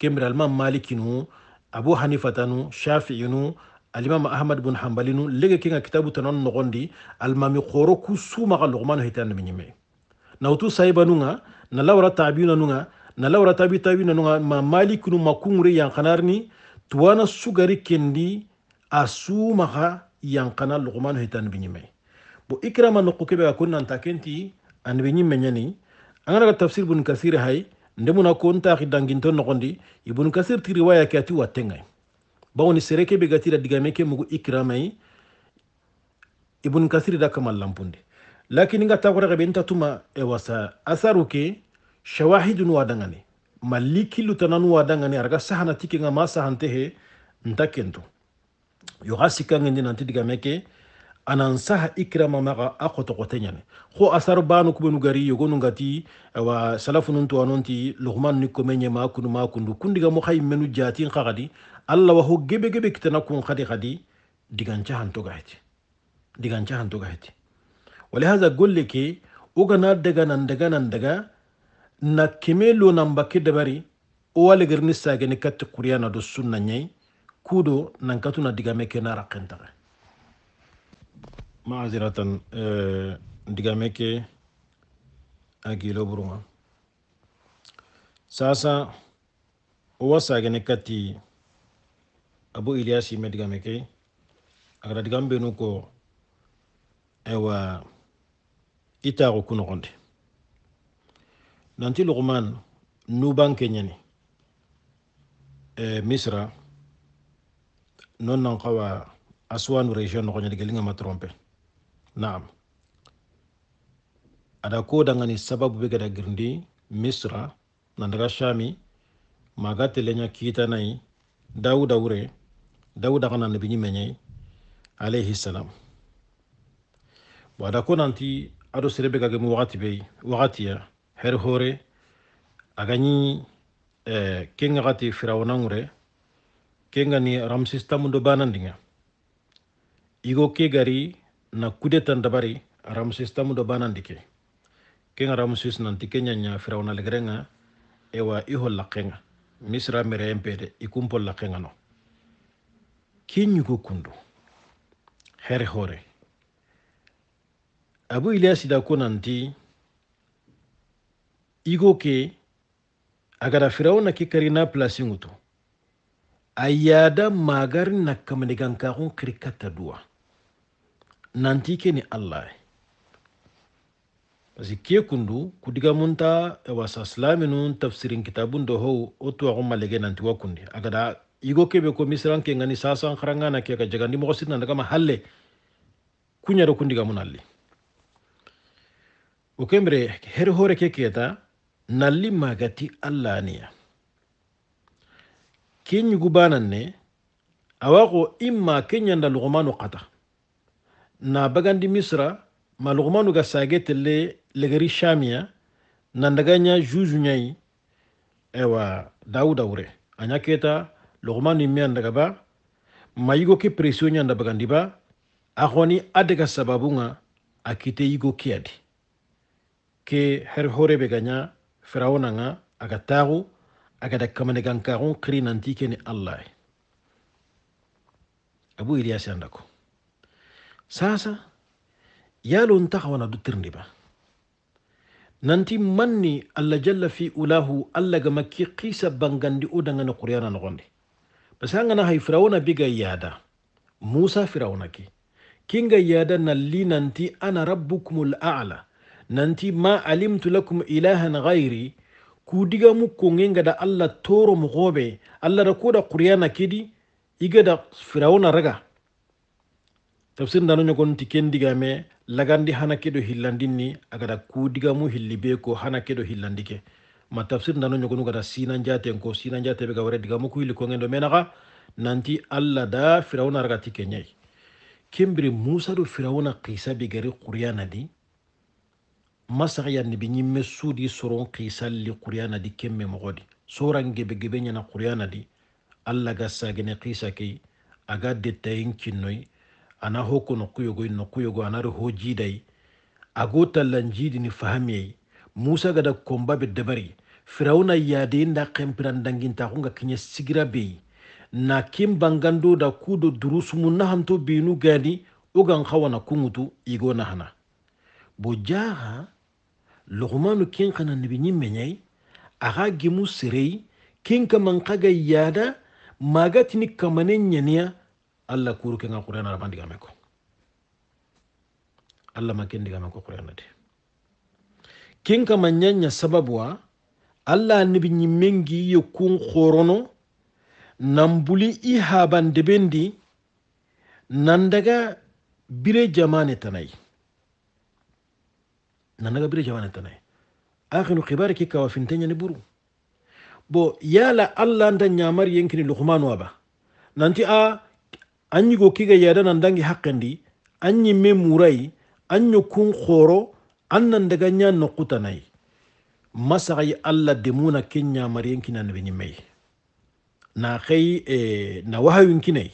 kembiral mam malikinu abu hanifatanu shafi'inu alimama ahmad bun hanbalinu lege kinga kitabu tanon nogondi almami khoro ku sumaxa loxumano hitanami ñimme nawtu sayibanunga na lawra tabinanunga na lawra tabi tabinanunga ma malikinu ma kungure yanxanarni tuwana sugari kendi a sumaxa yanxana loxumano hitanami ñimme bo ikrama noqu kebe ga kun nanta kenti anibi ñimme ñani angaraga tafsir bun kasir hay ndemuna kontaxi danginto noxondi ibnu kasir ti riwaya ke ati wattengay bawoni sere ke be gatira digame ke mugu ikramai ibnu kasir da kamal lampundi lakini nga taxorexe be ntatuma ewasa asaru ke shawahidun wadangani malli killutananu wadangani araga sahana ti kenga ma sahante he nta kentu yoxa nanti digame ke anansaha ikrama maga a qotoqoteñane asar banu kubenu gari yogonu ngati wa salafu nun tuwanonti luxman ni komeñe ma kundiga mo menu jatin xaxadi alla wa ho gebe gebe kitana kun xadi xadi digancaxantogaxeti digancaxantogaxeti walihaza golle ke ogana daga nan daga nan daga na keme nan bakke dabari o walegerini sagene katti quriyana do sunna ñayi kudo nan katuna digame ke na maaziratan eh, digame ke buruma sasa wasagene kati abu iliasi me digame ke agara digame benu ko ewa itaxu ku noxonde nanti luxuman nubanke e eh, misra non nan xawa aswanu région noxoɲadigelinga ma trompe naam ada ko dangani sababu be gada misra na daga shami maga telenya kita nai dauda wure dauda kana nabi nyimenye alayhi salam wada ko nanti ado serebe gage mu wakati be wakati ya her hore agani eh, kenga gati firawna wure kenga ni ramsis tamundo banandinga igo ke gari na kudetan dabari ramsis tamu do banandike kenga ramsis nanti kenya nya firawna legrenga ewa iho lakenga misra mere empede ikumpo lakenga no kinyugo kundu here hore abu ilyasi da kunanti igo ke agara firawna ke karina plasingutu ayada magarin na kamanigan kakun kirkata duwa nanti ni allah parce ke kundu munta kudigamunta wasa nun tafsirin kitabun do ho o tuwaxu lege nanti wa kundi agada igo kebe ko misiran ke ngani sasa sasan xarangana ke ka jagandi moxo sitna ndagama halle kuñado kundigamun alli o kembere her hore ke keta nalli magati allah niya ke ñugubanan ne awa xo imma ke ñanda luxumanu xata na bagandi misra malugumanu ga sage telle legari shamiya nandaganya juju ñayi ewa dawuda wure aña lugumanu imme andaga ba mayigo presio ñanda bagandi ba axoni adega sababunga a kite yigo ke adi ke her horebe gaña firawona nga aga taxu agada kamanegankaxun xiri nanti kene allahy abu iliyasi andako Sasa yaloon taha wanaduttirndiba nanti manni allah jalla fi ulahu allah gama ki kiisa bangandi u dangana qur'ana nogondi parce angana hay firawona biga yada musa firawona ki kinga yada nalli nanti ana rabbukum ala nanti ma alimtu lakum ilahan ghairi kudigamu kongenga da allah toro mogoɓe allah da koda qur'ana kidi igada firawona raga tafsir ndanoño gon ti ken digame lagandi hana keɗo hillandin agata kudigamu hilli be ko hana keɗo hillandi ma tafsir ndanoño gonu gata sina jaten ko sina jateɓe ga wara digamu ko hilli kongen menaka nanti allah da firawna araga ti ke kembiri musa ɗo firawna kisa be gari quryanadi masaxyanni be ñimme suudi soron kisalli quryanadi kemme moxodi soran gebe gebe ñana quryanadi allah ga sagene kisa key aga detayin kinnoyi ana hoko no kuyogo no anar ho jiday ago tallan ni fahamiyay musa gada komba be dabari firawna yade nda kempiran danginta kunga kinya sigira be na kim bangando da kudo durusu mun na hanto binu gani ugan khawana kungutu igo na bojaha lughmanu kin kana nibi nyimenyai aga gimu sirei kin kaman yada magatini kamane nyaniya allah kuru ke nga qur'ana raba ndigame ko allah ma ken ndigame ko qur'ana de ken kama ñaña sababuwa allah nibi nyimengi yo kun xorono nambuli buli i habandeben di bire jamane tanayi nandaga bire jamane tanayi akhinu kibari ke kawafinteñani buru bo yala allah nda ñamari yenkini lukumanu aba nanti a ah, anyigo kiga yadanan dangi haqqandi anyi me murai anyo kun khoro annan daga nya noqutanai masagai alla demuna kenya mariyen kinan beni mai na kai e, na wahawin kinai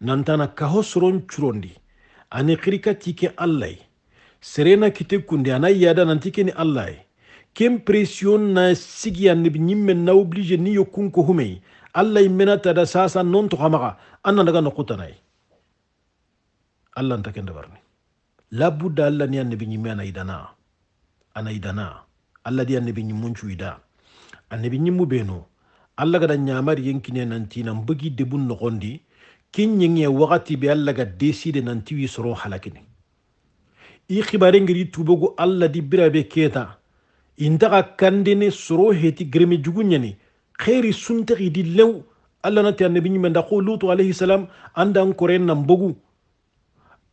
nan kaho suron churondi ani kirika tike allai serena kite kunde anai yada nan tike ni kem pression na sigi an nibi na oblige ni yokun ko humei alla imminata da sasa non to khamaga anna daga nokutanai alla nta kende barni labudda alla ni annabi nyime ana idana ana idana alla di annabi nyimunchu ida annabi nyimu beno alla gada nyamari yenkine nanti nan bugi debun nogondi kinyinge wakati be alla ga deside nanti wi soro halakini i khibare ngiri tubogu alla di birabe keta indaga kandini soro heti grimi jugunyani kheri suntegi di lew allah nati bi ñu nda ko lutu alayhi salam andan ko ren nan bogu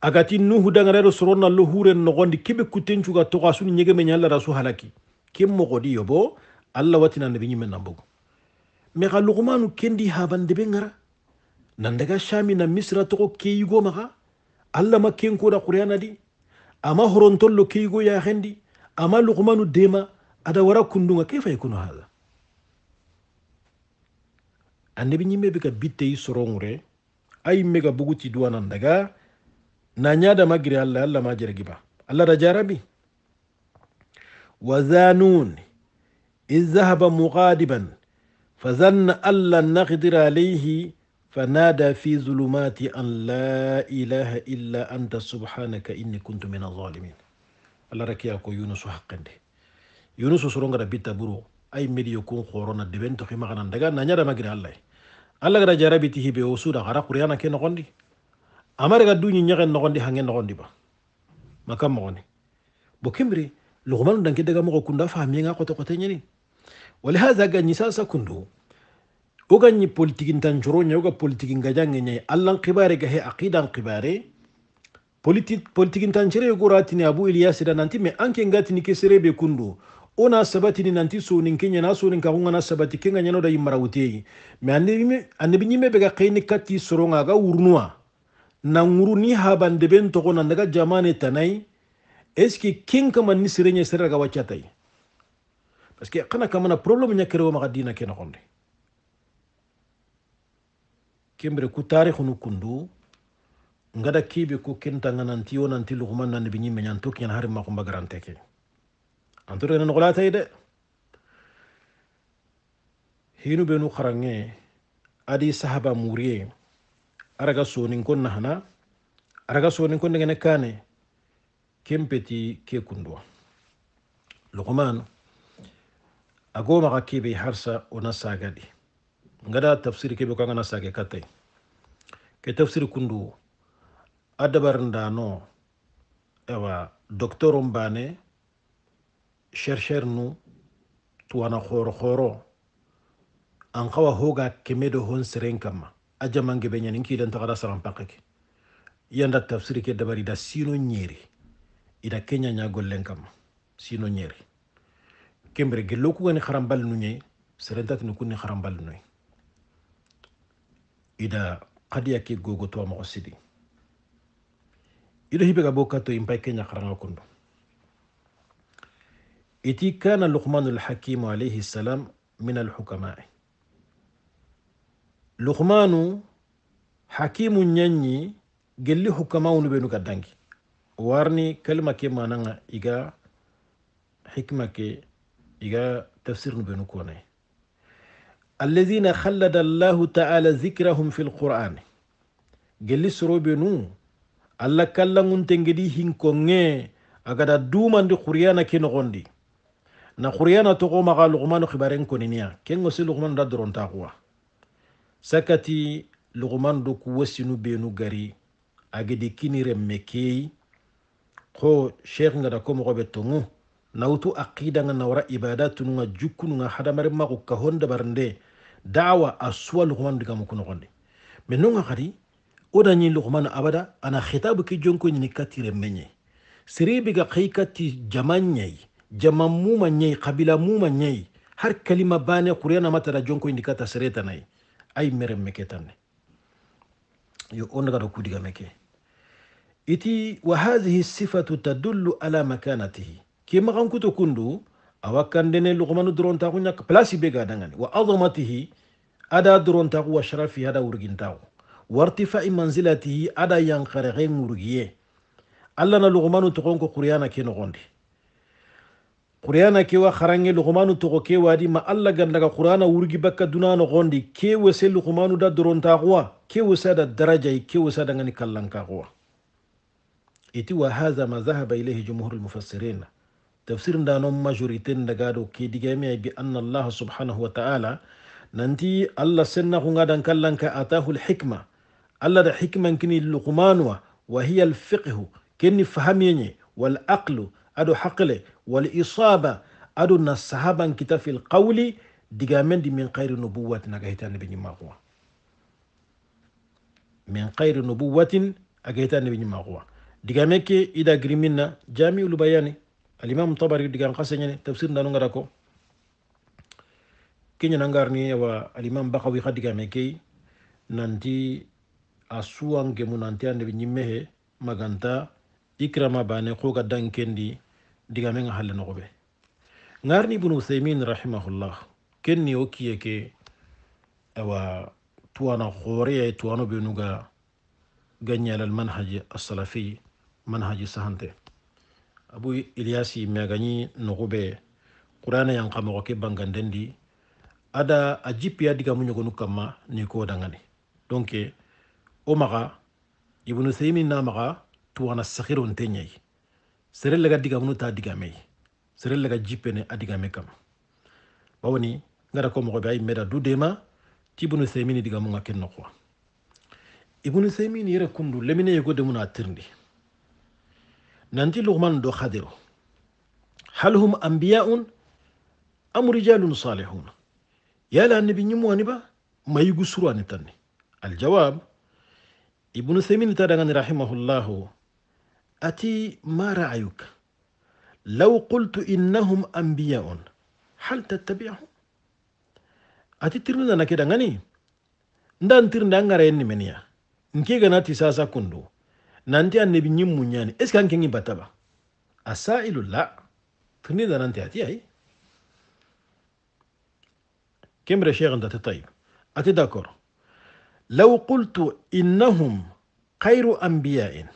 agati nuhu dangareɗo na lo huren no gondi kibe nogondi keɓe kuttencuga toga suni ñegeme ñalla rasul halaki ken mogodi yo bo allah watina annabi ñimmen nan bogu mais xa lugumanu kendi habandeɓe ngara nan daga shami na misra togo keyigo maxa allah ma ken ko da qur'ana di ama horon tollo horontollo ya hendi ama lugumanu dema ada wara kundunga ke fay kuno hala annabi ñimme be ka bittey soronŋure ayi me ga buguti duwanan daga na ñadama giri allah allah ma jere giba allah da jarabi wa zanun إذ ذهب مغاضبا فظن أن لن نقدر عليه فنادى في ظلمات أن لا إله إلا أنت سبحانك إني كنت من الظالمين الله ركيا كو يونس حقن دي يونس سرونغ ربي تبرو أي ميديو كون خورونا دبنتو في مغنان دغا نانيا دا مغري الله alla gada jarabitihi be wo suda hara qur'ana ke nogondi amare ga duñi ñaxen nogondi hange nogondi ba makam mogoni bo kembri lugumanu danke daga mogo kunda fahamiyenga xote xote ñeni walihaza gañi sasa kundu wo gañi politique tancoro ña woga politique ngajange ñayi allan xibare ga he aqidan xibare politique tancere yogoratini abu iliyasida nanti mais anke ngatini ke serebe kundu ona sabati ni nanti suning kenya na suning ka ngana sabati kenga nyano da yimara wuteyi me ane annabi nyime be ga kaini kati soronga ga urnuwa na nguru ni haban de ben kona ndaga jamane tanai eski king kama ni sirenye sirra ga wachatai parce que kana kama na problem nya kero ma dina kena konde kembre ku tarikh nu kundu ngada kibe ku kenta ona nanti lughman na bi nyime nyantuk nya harima ko mbagaranteke antorgana noqolaatay de hinu benu qarange adi sahaba muriye araga sonin konna hana araga sonin konnegene kane kempeti ke kundua luqman agomaxa kebe harsa ona sagadi ngada tafsir kebe ko angana sage kattay ke tafsir kundu a ewa docteur bane shershernnu tuwana horohoro an kawa hoga keme do hon seren kamma a jamange be ñanin kiilen taxada saran pankeke yanda tafsiri ke dabari da sino ñeeri ida keña ñagollen kamma sino ñeeri kembere gello kugani xarambal nu ñe serentatini kunni xarambal nuy ida xadiya ke gogo tuwa moxo sidi ido hibe ga bo katto impay keña xaranga kundu إذ كان لقمان الحكيم عليه السلام من الحكماء لقمان حكيم نيني قال لي حكماء نبينو كدنكي warni kalma ke mananga iga hikma ke iga tafsir nu benu kone alladhina khallada allahu ta'ala dhikrahum fil qur'an gelli soro benu alla kallangunte ngedi hinkonge agada dumandi qur'ana ke nogondi na xuryana togo maxa luxumano xibaren koniniya ken ŋo si luxumanu da dorontaxuwa sakati luxumanu do ku wasinu benu gari agedi kini renme keyi xo sheikh ngada ko moxoɓe tongu nawutu aqidanga nawara ibada tununga jukkununga hadamaren maxu kahon dabarnde dawa a suwa luxumanu digamu ku noxondi mais nonga xadi wo dañi luxumanu abada ana xitabu ke jonko ñini kati renme ñayi serebiga xey kati jama ñayi jama muma ñayi kabila muma ñayi har kalima bane kuriyanamatara jonkoyindi kata seretanayi ayi meren meke tanne yo on daga ɗo kudiga meke iti wa hadihi sifatu tadullu ala makanatihi ke maxankuto kundu awa kandene luxumanu dorontaxu ñak place be ga dangani wa adamatihi ada dorontaxu wa sharafi ada wurgintaxu wartifai manzilatihi ada yanxarexe ŋurgiye allah na luxumanu toxonko xuriyana ke noxondi qur'ana kewa kharange luqmanu togo ke wadi ma alla gandaga qur'ana wurgi bakka duna no gondi ke wese luqmanu da doronta quwa ke wese da daraja ke wese da ngani kallanka quwa iti wa hadha ma dhahaba ilayhi jumhur al mufassirin tafsir ndano majorité ndaga do ke digame bi anna allah subhanahu wa ta'ala nanti alla senna ko ngadan kallanka atahu al hikma alla da hikman kini luqmanu wa hiya al fiqh kenni fahamiyenye wal aqlu ado haqle walisaba aduna sahaban kita fil qawli diga mendi min kayri nubuwati naga hitani be ñimmakuwa min kayri nubuwatin aga hitani be ñimmakuwa diga men ke ida grimina jami ulubayani alimamu tabari digan kaseñene tafsir ndanu ngara ko keñana ngarni awa alimam bakawi xa digame key nanti asuwa suwangemu nanti a ndeɓe ñimme maganta ikrama bane xoga dankendi diga men halle no ngar ni bunu usaymin rahimahullah kenni ni kiye ke awa tuwana khore tuwano benuga ganyal al manhaj as-salafi manhaj sahante abu ilyasi megani nugube qur'ana yang kama ke bangandendi ada ajipia diga munyogonu kama ni ko dangani donc omaga maga ibn na maga tuwana sakhirun tenyai serelle ga digamunu ta digame serelle ga jippene a digame kam bawoni ngara ko mogoɓe ay meeɗa dudema tibunu semini digamu ga kenno quoi ibnu semini yere kundu lemine yegode muna tirndi nanti lugman do hadiru hal hum ambiya'un am rijalun salihun yala annabi ñimmo ani ba mayigu suru ani tanni aljawab ibnu semini ta dagani rahimahullahu أتي ما رأيك لو قلت إنهم أنبياء hal تتبعهم ati ترنا نكيدا غني ndan tir nda ngara yenni meniya nke gana ti sasa kundo nanti annabi nyim munyani est ce kan kengi bataba asailu la tirni ati ay kemre sheikh nda ta tayib ati d'accord law qultu innahum khayru anbiya'in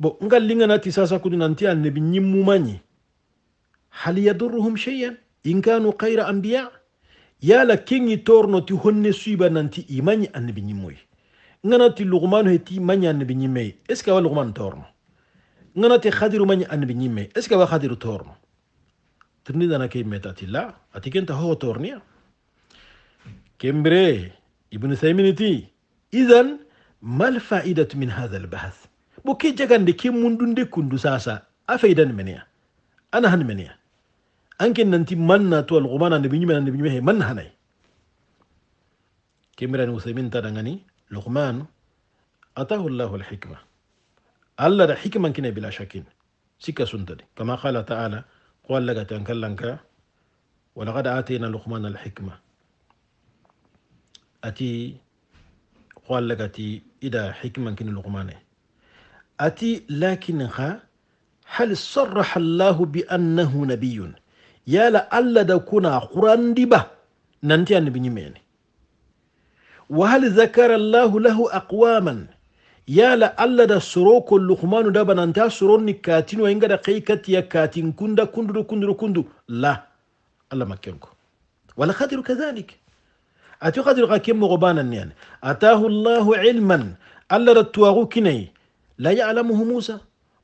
bon ngallinganati sasa kudu nanti nebi ñimmumañi hal yadurruhum cheyan in kanu kayra ambiya yala kengi ti honne suiba nanti imañi annabi ñimmoy nganati lugmanu heti mañi annabi ñimmey est ce que awa lugmanu torno nganati hadiru mañi annabi ñimmey est ce que awa torno tirnidana ke meta ati la ati kenta hoho torniya kembire ibnu saiminiti idan ما الفائدة من هذا البحث؟ de kim ke de kundu sasa afaidan menia ana han menia anke nanti manna to alqumana nabi nyima nabi nyima he man hanai kimran usaymin ta dangani luqman atahu allah hikma allah da hikman kina bila shakin sika suntadi kama qala ta'ala qala laka tankallanka ولقد آتينا لقمان الحكمة أتي قال لك أتي إذا حكما كن لقمانه أتي لكن ها هل صرح الله بأنه نبي لا ألا دكونا قران دبا ننتي أن بنيمين وهل ذكر الله له أقواما لا ألا دا سروك اللقمان دبا ننتا سرون كاتين وإنغا دا قيكت يا كاتين كندا كندو كندو كندو لا الله مكينكو ولا خاطر كذلك أتي خاطر غاكيم مغبانا يعني أتاه الله علما ألا دا تواغو كيني لا يعلمه موسى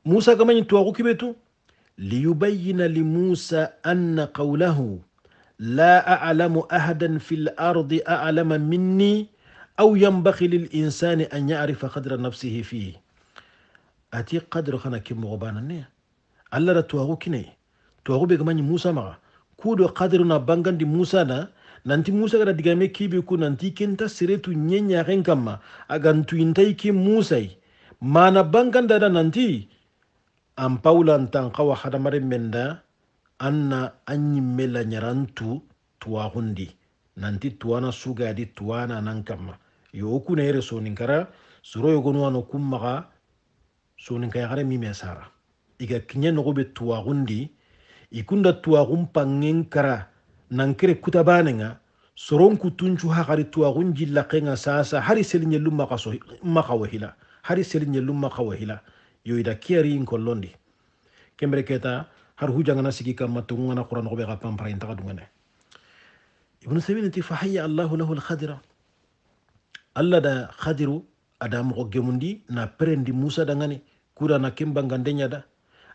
موسى كمان يتواغو كبتو ليبين لموسى أن قوله لا أعلم أحدا في الأرض أعلم مني أو ينبغي للإنسان أن يعرف قدر نفسه فيه أتي قدر خنا كم غبانا نيا ألا رتواغو كنيه تواغو ماني موسى معا كودو قدرنا بانغان دي موسى نا na nanti musa gara digame kibe ku nanti kenta siretu nyenya ken agantu intai ke musai mana bangandada nanti an pawulantan kawa hadamaren men da an na an ɲimme laɲara n tuwahundi nanti tuwana sugadi tuwana nan kanma yo wo kuna yere soninkara soro yogonuwano kun maga soninkayagare mime sara iga kiɲɛ nogo be tuwahundi i kunda tuwaxun pangen kara nankere kutabanenga soron kutuncu hagari tuwaxun jillakenga sasa hari seliɲelu maxa wo hila hari seri lumma xawa hila yoyda kiyari londi kembere keta har hujangana sigi kamma tugungana quranoxoɓe xa pamparaintaxa dungane ibnu sabini ti fahaya allahu lahu khadira alla da hadiru adam moxo gemundi na perendi musa dangani kura na kembangande ñada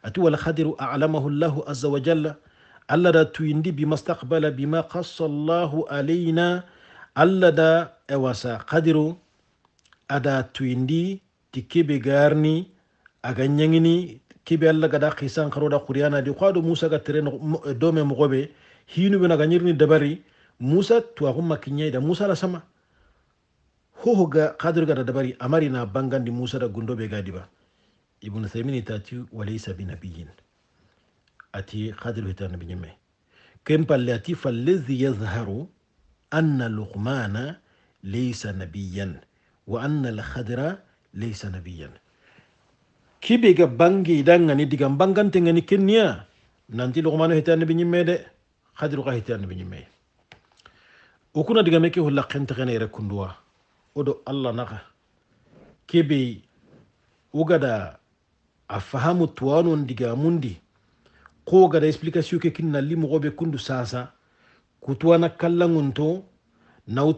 ati wal hadiru alamahu llahu azza wa jalla alla da tuyindi bimastaqbala bima qassa allahu alayna alla da ewasa hadiru ada tuindi ti kebe garni aga ñangini kebe allah gada xisan quriana di xoaɗo musa ga tere dome moxoɓe hinu naga ñirni dabari musa tuwaxumma da musa la sama ho ga xadiru ga dabari amari na bangandi musa da be gadi ba ibnu thamin itati walaysa binabiyin ati xadiru hita nabi ñeme ken palle ati fallezi yadharu anna luqmana ليس نبيا وان الخضره laysa nabiyan kibe ga bangi ni diga bangantengani kenniya nanti logumano hete annabi ñimme de hadiru ka hete annabi ñimme o kuna diga meke holla kentexene yere kunduwa odo allah naka kibe Uga da fahamu ndiga mundi ko gada explication ke kinna limu mogoɓe kundu sasa na kallangun to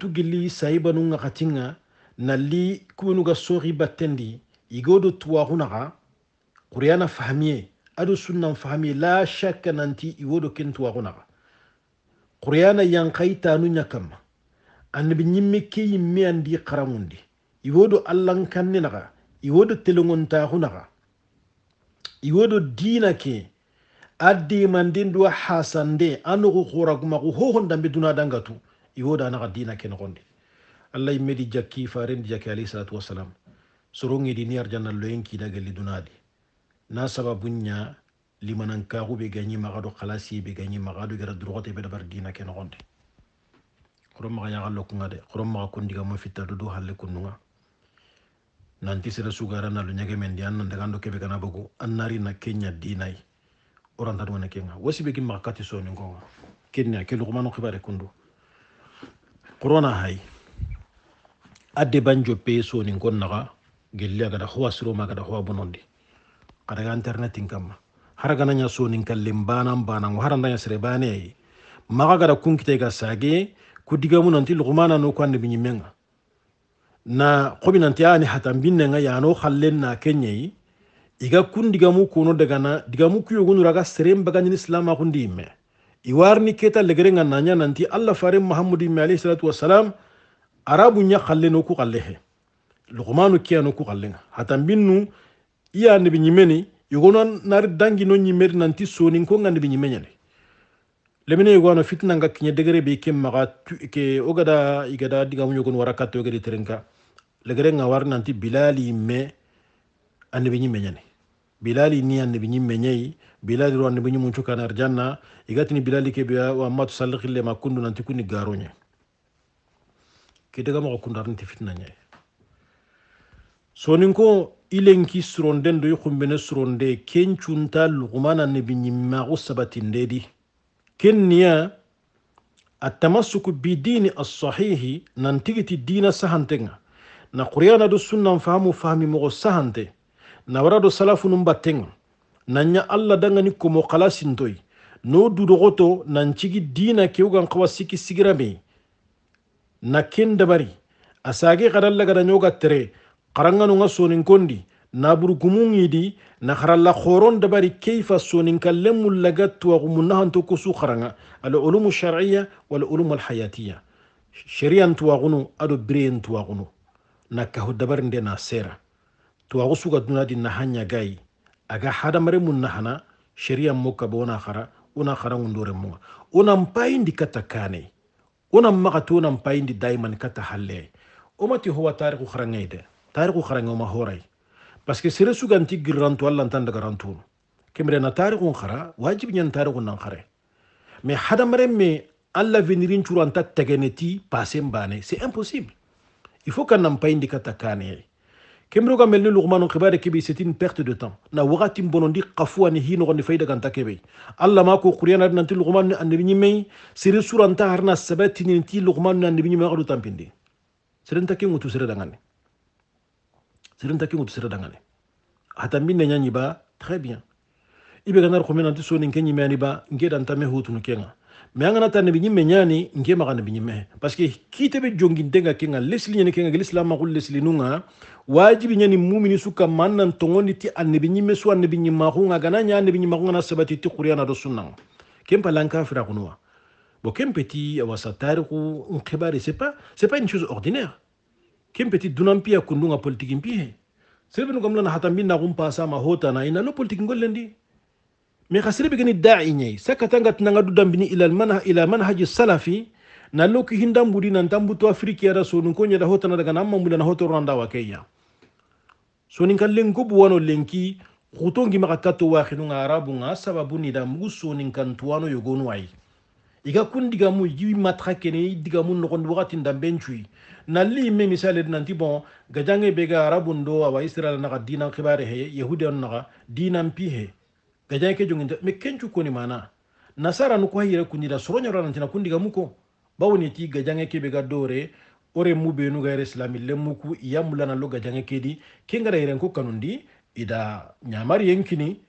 gili gilli nunga katinga nali nalli ga sori batendi igodo tuwaxunaxa quriyana fahamiye ado sunnan fahamiye la shaka nanti iwodo ken tuwaxunaxa quriyana yankayi tanu ɲa kanma annabi ɲimme ke yimme andi xaranŋundi iwodo allankanne naxa iwodo telenŋontaxunaxa iwodo dina ke addi demanden do hasande a noxu xoragumaxu hohon danbe dunadangatu dangatu iwodo a dina ke noxondi allah medi jakki farendi jakki alayhi salatu wasalam sorongedi ni arjanna loyen kidagalli dunadi na sababu ña limanankaxu be gañi maxado xalasi be gañi maxado gera duroxote be dabar dina ke noxonde xoron maxa yaxa lokkunga de xoron maxa kondigamo fitta dudu halle kunnunga nanti sera sugara na lo ñagemen di an nandagando kebe gana bogu an nari na kenya dinayi orantadumana kenga wasibe gi maxa kati soningonga kenya ke luxumano xibare kundu qurona hay adeban joppe sonin kon naxa gelli a gada xowa siroma gada xowa bonondi xadaga internetin kamma hara ganaña sonin kallen banan banango harandaña sere baneyayi maxa gada kunkite ga sage ku digamu nanti luxumana no kuande bi ñimmenga na xobi nanti ani hatanbinnenga yano xallen na kenñayi iga kun digamu kono dagana digamu kuyogunuraga seren bagañini silamaxundi yimme iwarni keta legerenga naña nanti allah faren mahamudi yimme alayhi salatu wasalam arabu nya khalle no ku khalle he luqmanu kiya no ku khalle nga hatan binnu iya ne bi nyimeni yugono nar dangi no nyimeri nanti soni ko ngande bi nyimenya ne lemine yugono fitna nga kinya degere be ke maga ke gada ogada igada diga mu yugono warakato ogada terenka legere nga war nanti bilali me ande bi nyimenya ne bilali ni ande bi nyimenya bilali ro ande bi nyimun chukana arjanna igatini bilali ke be wa matu salkhille makundu nanti kuni garonye kitega mo kundar nti e fitna nyay sonin ko ilen e ki suron do yukum e bene suron de ken chunta lugmana ne bi nyimma gusabati ndedi ken niya atamassuku bi dini as-sahih nan tigiti dina sahantenga na qur'ana do sunna fahamu fahmi mo sahante na warado salafu num batteng nanya alla danga ni ko mo khalasintoy no dudugoto nan chigi dina kiugan qawasi sigrami na ken asagi a sage kadalla gada nyoga tere karanga nunga sonin kondi na burgumungidi na haralla khoron dabari keifa sonin kallemu lagattu wa gumunnahan to kusu karanga al ulum shar'iyya wal ulum al hayatiyya shari'an tuwa gunu ado biren tuwa gunu na kahu dabar nde sera tuwa gusu ga dunadi na hanya gai aga hadamare mun na hana shari'an mukka bona khara una khara ngundore munga una mpayi ndikata una maga tuna payindi daiman kata halle umati huwa tariku kharangaide tariku kharanga uma horai parce que sere suganti girrantu allah tan daga rantu kemre na tariku khara wajib nyan tariku nan khare mais hadamare me allah venirin churanta tegeneti passé mbane c'est impossible il faut kan mpaindi kata kane كم رغم ملني لغمان قبارة كبي ستين بخت دو تان نا وغاتي مبنون دي قفوة هي نغني فايدة غانتا كبي الله ما كو قريانا ننتي لغمان نان نبني مي سيري سورة انتا هرنا سبات ننتي لغمان نان نبني مغلو تام بندي سرين تاكي نغتو سرين دانغاني سرين تاكي نغتو سرين دانغاني حتى مين نيان يبا تخي بيان إبقى نار خمين انتي سونين كيني ميان يبا نجي دانتا مي هوتو نكينا mais angana tanne bi ñimme ñani nke magana bi ñimme parce que kite be jonginte nga kenga lesli ñani kenga lesla ma nunga wajibi ñani mumini suka mannan tongondi ti anne bi su anne bi gana ñane bi ñimma sabati ti qur'ana do sunna kem palanka fira bo kem petit awasa tariqu un khibari c'est pas une chose ordinaire kem petit dunampia kundunga politique mpihe sebe nukamla na ina lo politique مي خسري بيغني داعي ني سكتانغا تنغا دودامبني الى المنه الى منهج السلفي نالوكي هندام بودي نانتام بوتو افريكيا رسو نكوني دا هوتنا دا غنام مامبولا نا هوتو روندا واكيا سوني كان لينكو بوانو لينكي خوتون غي مغاكاتو واخينو غا عربو غا سبابو ني دا مغو سوني كان توانو يغونو اي إيكا كون ديغامو يجيو ماتراكيني ديغامو نكون دوغاتين دا بنشوي نالي مي مثال نانتي بون غاجانغي بيغا عربو ندو اوا اسرائيل نغا دينا خباري هي يهوديون نغا دينا بي هي gajan ke jonginte me kencu koni mana nasara nu ko hayira kunira kundi ga muko bawoni ti gajange kebe ga dore ore mube benu ga islami le muku lemuku iyamulana lo gajange kedi kengara yeren ko kanundi ida nyamari yenkini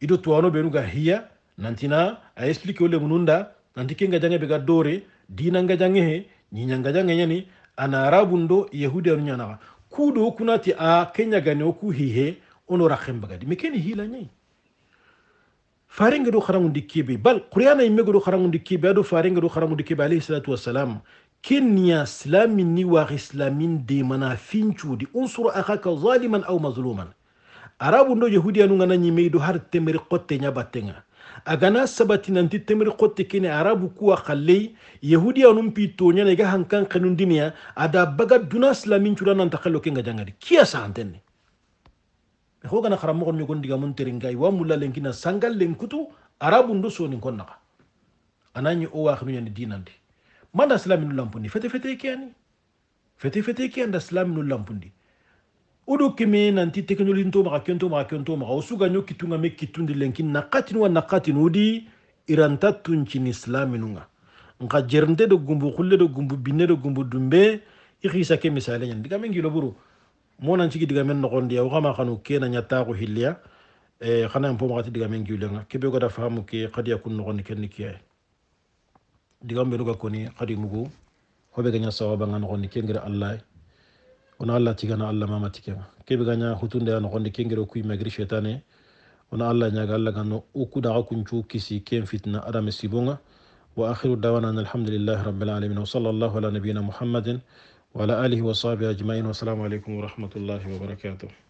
ido tuwano benu ga hiya nantina a explique ole mununda nanti kenga jange be ga dore dinanga jange he nyinyanga jange nyani ana arabu ndo yahudi anu nyanaga kudo kunati a kenya gane oku hihe onora khembagadi mekeni hila nyai farenga do kharangundi kebe bal qur'ana imme do kharangundi kebe ado farenga do kharangundi kebe alayhi salatu wassalam kenya silami ni wa islamin de mana di unsuru akaka zaliman aw mazluman arabu ndo anu ngana nyime do har temere qotte nya batenga agana sabati nanti temri qotte kene arabu kuwa khallei yahudiya anu pito nyana ga hankan kanun diniya ada baga duna islamin cura nan takhallo kenga jangari kiya sa antenne ho gana kharam gon ni gon diga terin gai wa mulla len kina sangal len kutu arabun do soni kon naka anani o wa khnu yani dinandi manda islaminu lampundi fete fete kiani fete fete kiani da islaminu lampundi udu keme nanti teknologi nto maka kento maka kento maga osuga nyo kitunga me kitundi lenkin nakatin wa nakatin udi iranta tuncini islaminu nga nka jernde do gumbu khulle do gumbu binne do gumbu dumbe ikhisa ke misale nyan diga mengi lo buru monan ci diga men nogondi yow xama xanu kena ñattaxu hilya e xana am pomati diga men giulenga kebe da famu ke qad yakun kun ken kenni kiyaye diga men ko koni qad xadi mugu ganya sawaba ngan nogondi ke ngira allah wona allah ci gana allah mama ke kebe ganya hutunde a nogondi ke ngira kuy magri chetane wona allah ñaga allah gano o kuɗaxa kuncu kisi ken fitna adam sibunga واخر دعوانا dawana an alhamdulillahi rabbil alamin wa sallallahu ala nabiyina muhammadin وعلى آله وصحبه أجمعين والسلام عليكم ورحمة الله وبركاته